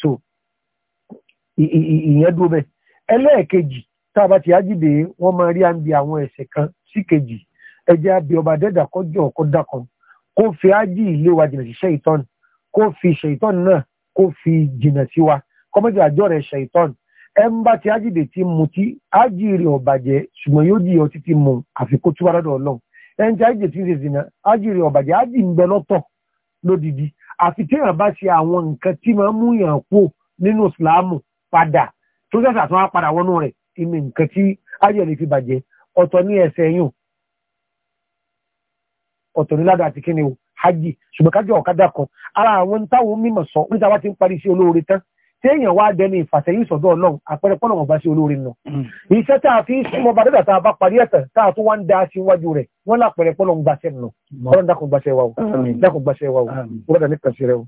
so ìyẹn dúró bẹ́ẹ̀ ẹlẹ́ẹ̀kejì tá a bá ti ájídé wọ́n máa rí àǹdí àwọn ẹ̀sẹ̀ kan sí kejì ẹjẹ́ àbí ọba dẹ́dà kọjọ́ ọkọ dákan kó fi ájì ilé wa jìnà sí ṣèitán kó fi ṣèitán náà kó fi jìnà sí wa kọ́mọ́tì àjọ rẹ̀ ṣèitán ẹ ń bá ti ájìdè ti mu tí ájì rẹ̀ ọ̀bàjẹ́ ṣùgbọ́n yóò di ọtí ti mu àfikún tí wàá dọ̀dọ̀ ọlọ́run ẹ ń ti ájìdè ti ń ṣe ìsìnà ájì rẹ̀ ọ̀bàjẹ́ ájì ń bẹ lọ́tọ̀ lódìdí àfi téèyàn bá ṣe àwọn nǹkan tí máa mú yàn kú nínú ìsìláàmù padà tó sẹ́sà tó wá padà wọnú rẹ̀ ìmì nǹkan tí ájì rẹ̀ fi bàjẹ́ ọ̀tọ̀ ní ẹsẹ̀ yùn ọ̀tọ̀ ní ládàá àti kíni o hajj ṣùgbọ́n kájọ ọ̀kadà kan ara àwọn táwọn mímọ̀ sọ níta wá ti ń parí sí olóore tán tí èèyàn wá dẹni ìfàsẹ́yìn sọ̀dọ̀ ọlọ́run àpẹẹrẹ pọ́nà wọn bá sí olóore nù. Mm. iṣẹ́ tá a fi ń súnmọ́ bá dọ́dà tá a bá parí ẹ̀tẹ̀ tá a tún wá ń da síwájú rẹ̀ wọ́n lápẹẹrẹ pọ́nà ń gbàṣẹ́ nù mm. ọlọ́run dákun gbàṣẹ́ wa o dákun gbàṣẹ́ wa o wọ́n dà ní kàṣẹ́ rẹ o.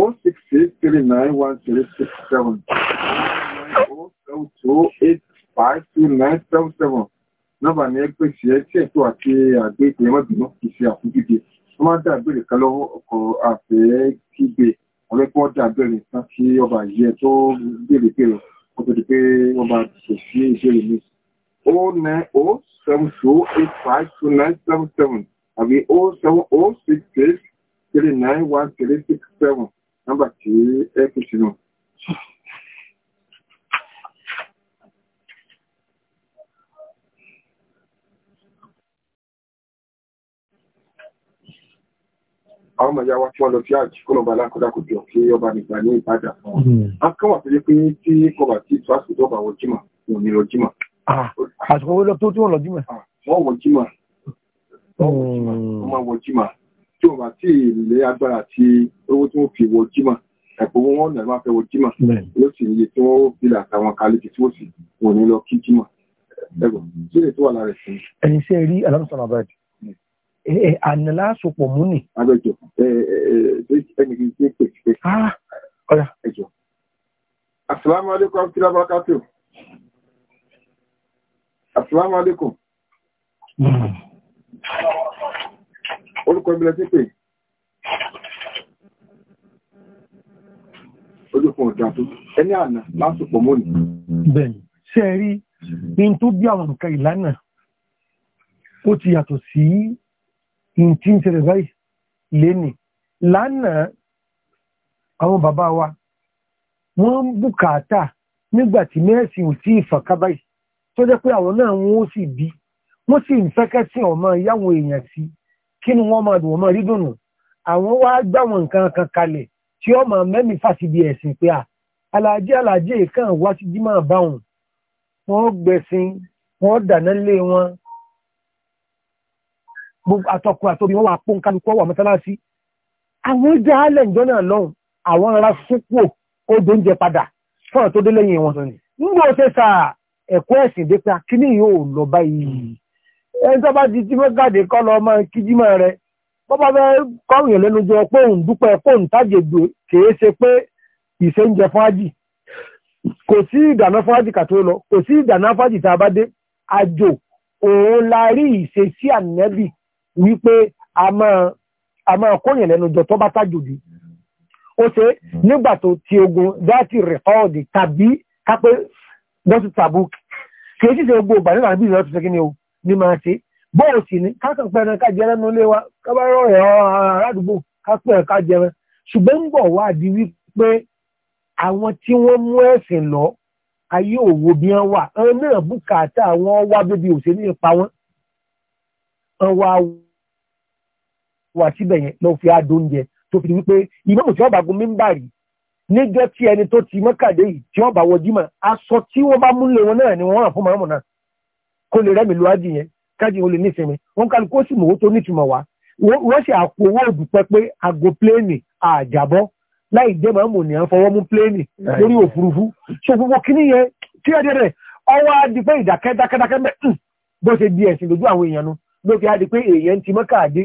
o six six three nine one three six seven o seven two eight five two nine seven seven nọ́mbà ni ẹ pè sí ẹ tí ẹ̀tọ́ àti àgbẹ̀gbẹ̀ mọ́bìnú kì í ṣe àfojúde wọ́n máa dá àgbèrè kan lọ́wọ́ ọkọ̀ àfẹ́ kígbe ọ̀rẹ́ kí wọ́n dá àgbèrè nǹkan kí ọba yẹ tó béèrè béèrè kó tó di pé wọ́n bá tẹ̀ sí ìbéèrè mi. o oh nine o oh seven two eight five two nine seven seven àbí o oh seven o six six three nine one three six seven nọ́mbà tí ẹ pè sí náà. àwọn ọmọ ìyá wa tí wọ́n lọ sí àjì kọ́lọ̀bà alákọ̀dákò jọ kí ọba nìgbà ní ìbàdà akọ́ wà tó yẹ pé tí kọba tí ìtura sì dọ́gba wọ jímà wọn ni lọ jímà. Ah, àsìkò owó lọ tó tí wọn lọ jímà. Ah, wọn wọ jímà wọn hmm. máa wọ jímà tí wọn bá tí ilé agbára àti owó tí wọn fi wọ jímà ẹ̀pọ̀ wọn náà máa fẹ́ wọ jímà ló sì iye tí wọn fi là àtàwọn kálíkì tí wọn sì wọn ni lọ kí jímà ẹ̀gbọ́n Eh, eh, àná lásopọ̀ mú nì. Àgbẹ̀jọ eh, ẹni kì í ṣe pè pé. Ah, Ọ̀yà. Ẹ̀jọ̀. Asalaamu aleykum Abdullah Bakato. Asalaamu aleykum. Hmm. Orúkọ ìbílẹ̀ ti pè. Ojú kan ọ̀dà tó. Ẹni àná lásopọ̀ mú nì. Bẹ́ẹ̀ni, ṣe rí ní tó bí àwọn nǹkan ìlànà ó ti yàtọ̀ sí tí ń ṣẹlẹ̀ báyìí lénìí lánàá àwọn bàbá wa wọ́n ń bùkátà nígbà tí mẹ́ẹ̀sì ò sí ìfàkábáyìí tó jẹ́ pé àwọn náà wọ́n sì bí wọ́n sì ń fẹ́kẹ́ sí ọmọ yáwọn èèyàn sí kí ni wọ́n máa dùn wọ́n máa rí dùnú àwọn wá gbá wọn nǹkan kan kalẹ̀ tí ó mẹ́mí fásibí ẹ̀sìn pé à aláàjì aláàjì kan wá sí jímọ̀ báwọn wọ́n gbẹ̀sìn wọ́n dáná lé wọn àtọkùn àtòrí wọn wà pọ́n kálukọ́ wà mọ́sálásí àwọn jẹ́ alẹ́ ìjọ náà lọ́hùn àwọn ará súpò ó dóúnjẹ padà fọ́nà tó dé lẹ́yìn wọn nígbà ó ṣe sà ẹ̀kọ́ ẹ̀sìn dé pé ọmọ kíjímọ̀ rẹ bọ́bá lẹ́nu jọ pé òun dúpẹ́ pé òun ṣe pé ìṣe ń jẹ fọ́ájì kò sí ìdáná fọ́ájì lọ a wípé a máa kóyìn lẹ́nu jọ tó bá tájò jù ó ṣe hmm. nígbà tó ti ogun dáàtì rẹ̀ ọ́ọ̀dì tàbí kápẹ́ gọ́sì tàbú kì í sì ṣe gbogbo ìgbàlẹ́ àbí ìlọ́tù ṣe kíni o ní máa ṣe bọ́ọ̀ sì ni kákan pẹ́ ẹran kájẹ ẹran nílé wa kábàárọ̀ ẹ̀ aládùúgbò kápẹ́ ẹ̀ka jẹ ẹran ṣùgbọ́n ń bọ̀ wá di ayé òwò bí wọ́n wà ẹran náà bùkátà wọn wá bébí òṣèlú ipa wọn wọn wá wà síbẹ̀ yẹn lọ fi àdó oúnjẹ tó fi wípé ìmọ̀mù tí wọ́n bá gun mímbà rí níjọ́ tí ẹni tó ti mọ́kàdé yìí tí wọ́n bá wọ jímọ̀ aṣọ tí wọ́n bá múlẹ̀ wọn náà ni wọ́n rà fún màmú náà kó lè rẹ́mi lu ájì yẹn kájí olè nífẹ̀ẹ́ wọn kálukú ó sì mọ̀wó tó nítumọ̀ wá wọ́n sì àpò owó òdùpẹ́ pé àgọ́ pléènì àjàbọ́ láì jẹ́ màmú ni à ń fọwọ́ mú pléènì lórí òfurufú ṣe gbogbo kíní yẹn tí ẹ dẹ́rẹ̀ ọwọ́ adi pé ìdákẹ́dákẹ́dákẹ́ hmm, bó ṣe di ẹ̀sìn lójú àwọn èèyàn nu ló adi pé èèyàn ti mọ́kàdé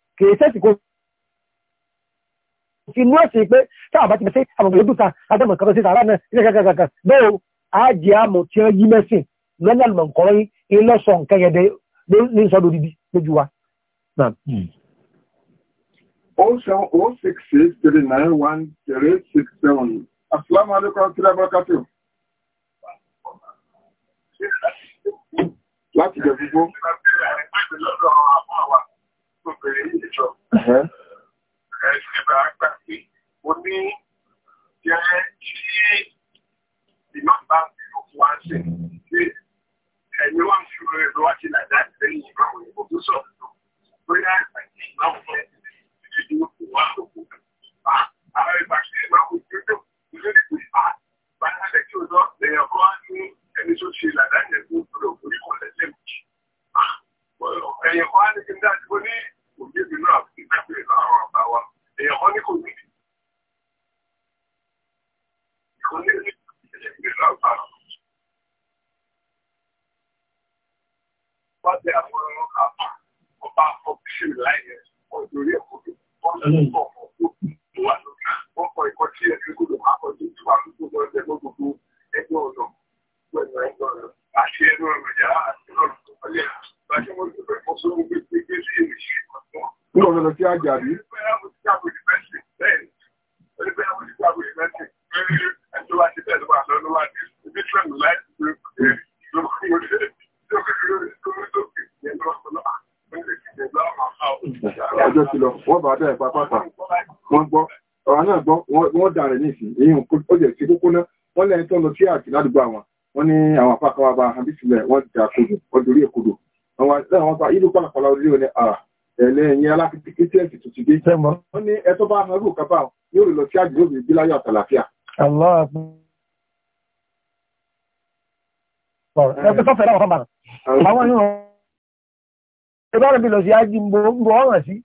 kìí sẹ́sì kó inú ẹ̀sìn pé táwọn bá ti mẹ́sẹ̀ àwọn ìlú ta adámọ̀ kan sí sàárà náà ilé kankan bẹ́ẹ̀ o àjẹ́ àmọ̀ tí wọ́n yí mẹ́sìn lọ́nà àlùmọ̀ nǹkan yín ilé sọ nǹkan yẹn dé ní sọ́dọ̀ dídí lójú wa. ó ṣan o six six three nine one three six seven asalaamualeykum tí a bá láti jẹ gbogbo. Uh-huh. ẹ̀yìn alákìtíkítẹ́ẹ̀sì tó ti dé. wọ́n ní ẹtọ́ bá ọmọ rúkà bá yóò lọ sí àgbèrè bí láyọ̀ àtàlàfíà. ẹgbẹ́ sọ́fẹ̀ẹ́ láwọn fọ́nbà àwọn yóò ẹgbẹ́ rẹ̀ bí lọ sí ájí ń bọ̀ ọ̀ràn sí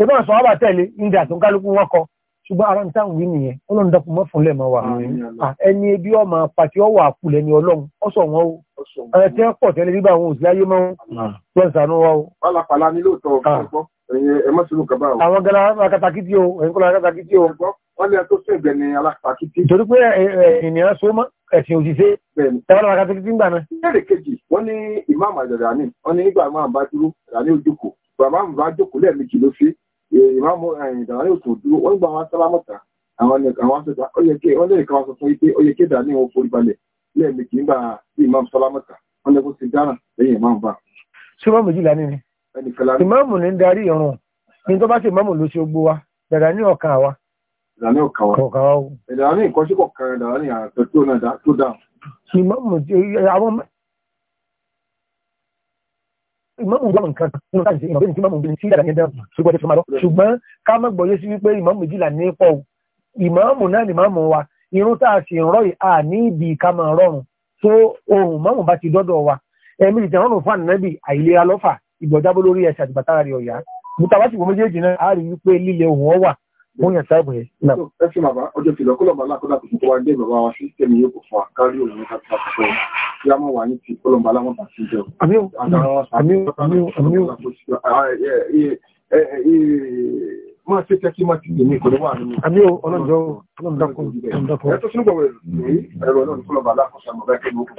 ẹgbẹ́ sọ́ọ́bà tẹ̀lé ń dà tó kálukú wọ́kọ̀ọ́ ṣùgbọ́n ara ń tàn wí nìyẹn ọlọ́run dákun mọ́ fúnlẹ̀ mọ́ wa ẹni ebi ọmọ pàtí ọwọ́ àpùlẹ̀ ni ọlọ́run ọ̀sọ̀ wọn o ẹ tẹ́ pọ̀ tẹ́lẹ̀ bíbá àwọn òsì láyé mọ́ wọn sànú wa o. pálapàla ni lóòótọ́ ọ̀gbọ́n ẹ má sínú kaba o. àwọn gala akatakiti o ẹ̀yin kọ́lá akatakiti o. wọ́n ní ẹtọ́ sẹ́gbẹ̀ ni alákatakiti. torí pé ènìyàn so mọ́ ẹ̀sìn òṣìṣẹ́ tẹ́wọ́n akatakiti ń gbà náà. ìbéèrè kejì wọ́n ní ìmáàmù àdàdà ni wọ́n ní nígbà máa bá dúró àdàdà ní ojú kò bàbá mi bá jókòó lẹ́ẹ̀mejì ló fi ìmáàmù ìdàwálé òtò dúró wọ́n gbà wọn sálámọ̀tà àwọn àwọn aṣèta ó yẹ kí wọ́n lè kàn sọ fún yí pé ó yẹ kí ìdá ní wọn forí balẹ̀ lẹ́ẹ̀mejì nígbà tí ìmáàmù sálámọ̀tà wọ́n lè kó ti dára lẹ́yìn ìmáàmù bá. ṣé wọ́n méjìlá ní ni ìmáàmù ní ń darí ìrun ní tó bá ṣe ìmáàmù ló ṣe gbó wa dàdà ní ọ̀kan àwa. dàdà ní ọ̀kan wa ìdàwálé ìkọ́ṣ ìmáàmù wà nǹkan nínú táyì sí ìmọ̀bí ní kí ìmáàmù bí tí ìdàgbẹ́ dẹ́rù ṣùgbọ́n ti fọmọ́ lọ ṣùgbọ́n ká má gbọ́yé sí wípé ìmáàmù méjìlá ní pọ̀ ìmáàmù náà ni ìmáàmù wa irun tá a sì ń rọ́ à ní ibi ká máa rọrùn tó ohun máàmù bá ti dọ́dọ̀ wa ẹ̀mí ìtẹ̀ rọrùn fún ànábì àìlera lọ́fà ìgbọ̀jábó lórí ẹsẹ̀ àtìgbàtà rẹ̀ ọ̀yá mutawa sì wọ méjèèjì náà a rí wípé líle òun wà wọ́n yàn táìpù yẹn. ẹ ṣe bàbá ọjọ́ kìlọ̀ kó lọ́ba alákọ̀ọ́dà kò tó wá dé bàbá wa sí tẹ̀mí yóò kò fún wa kárí òun ní kápẹ́tà kò fún kí a máa wà ní ti kó lọ́ba aláwọ̀n bá sí jẹ́ o. àmì o àmì o àmì o àmì o. máa ṣe tẹ́kí máa ti gbèmí kò ní wà nínú. àmì o ọlọ́jọ́ ọlọ́dàkùn ọlọ́dàkùn. ẹ tó sínú gbọ̀wẹ̀ ẹ̀rọ náà ní kó lọ́ba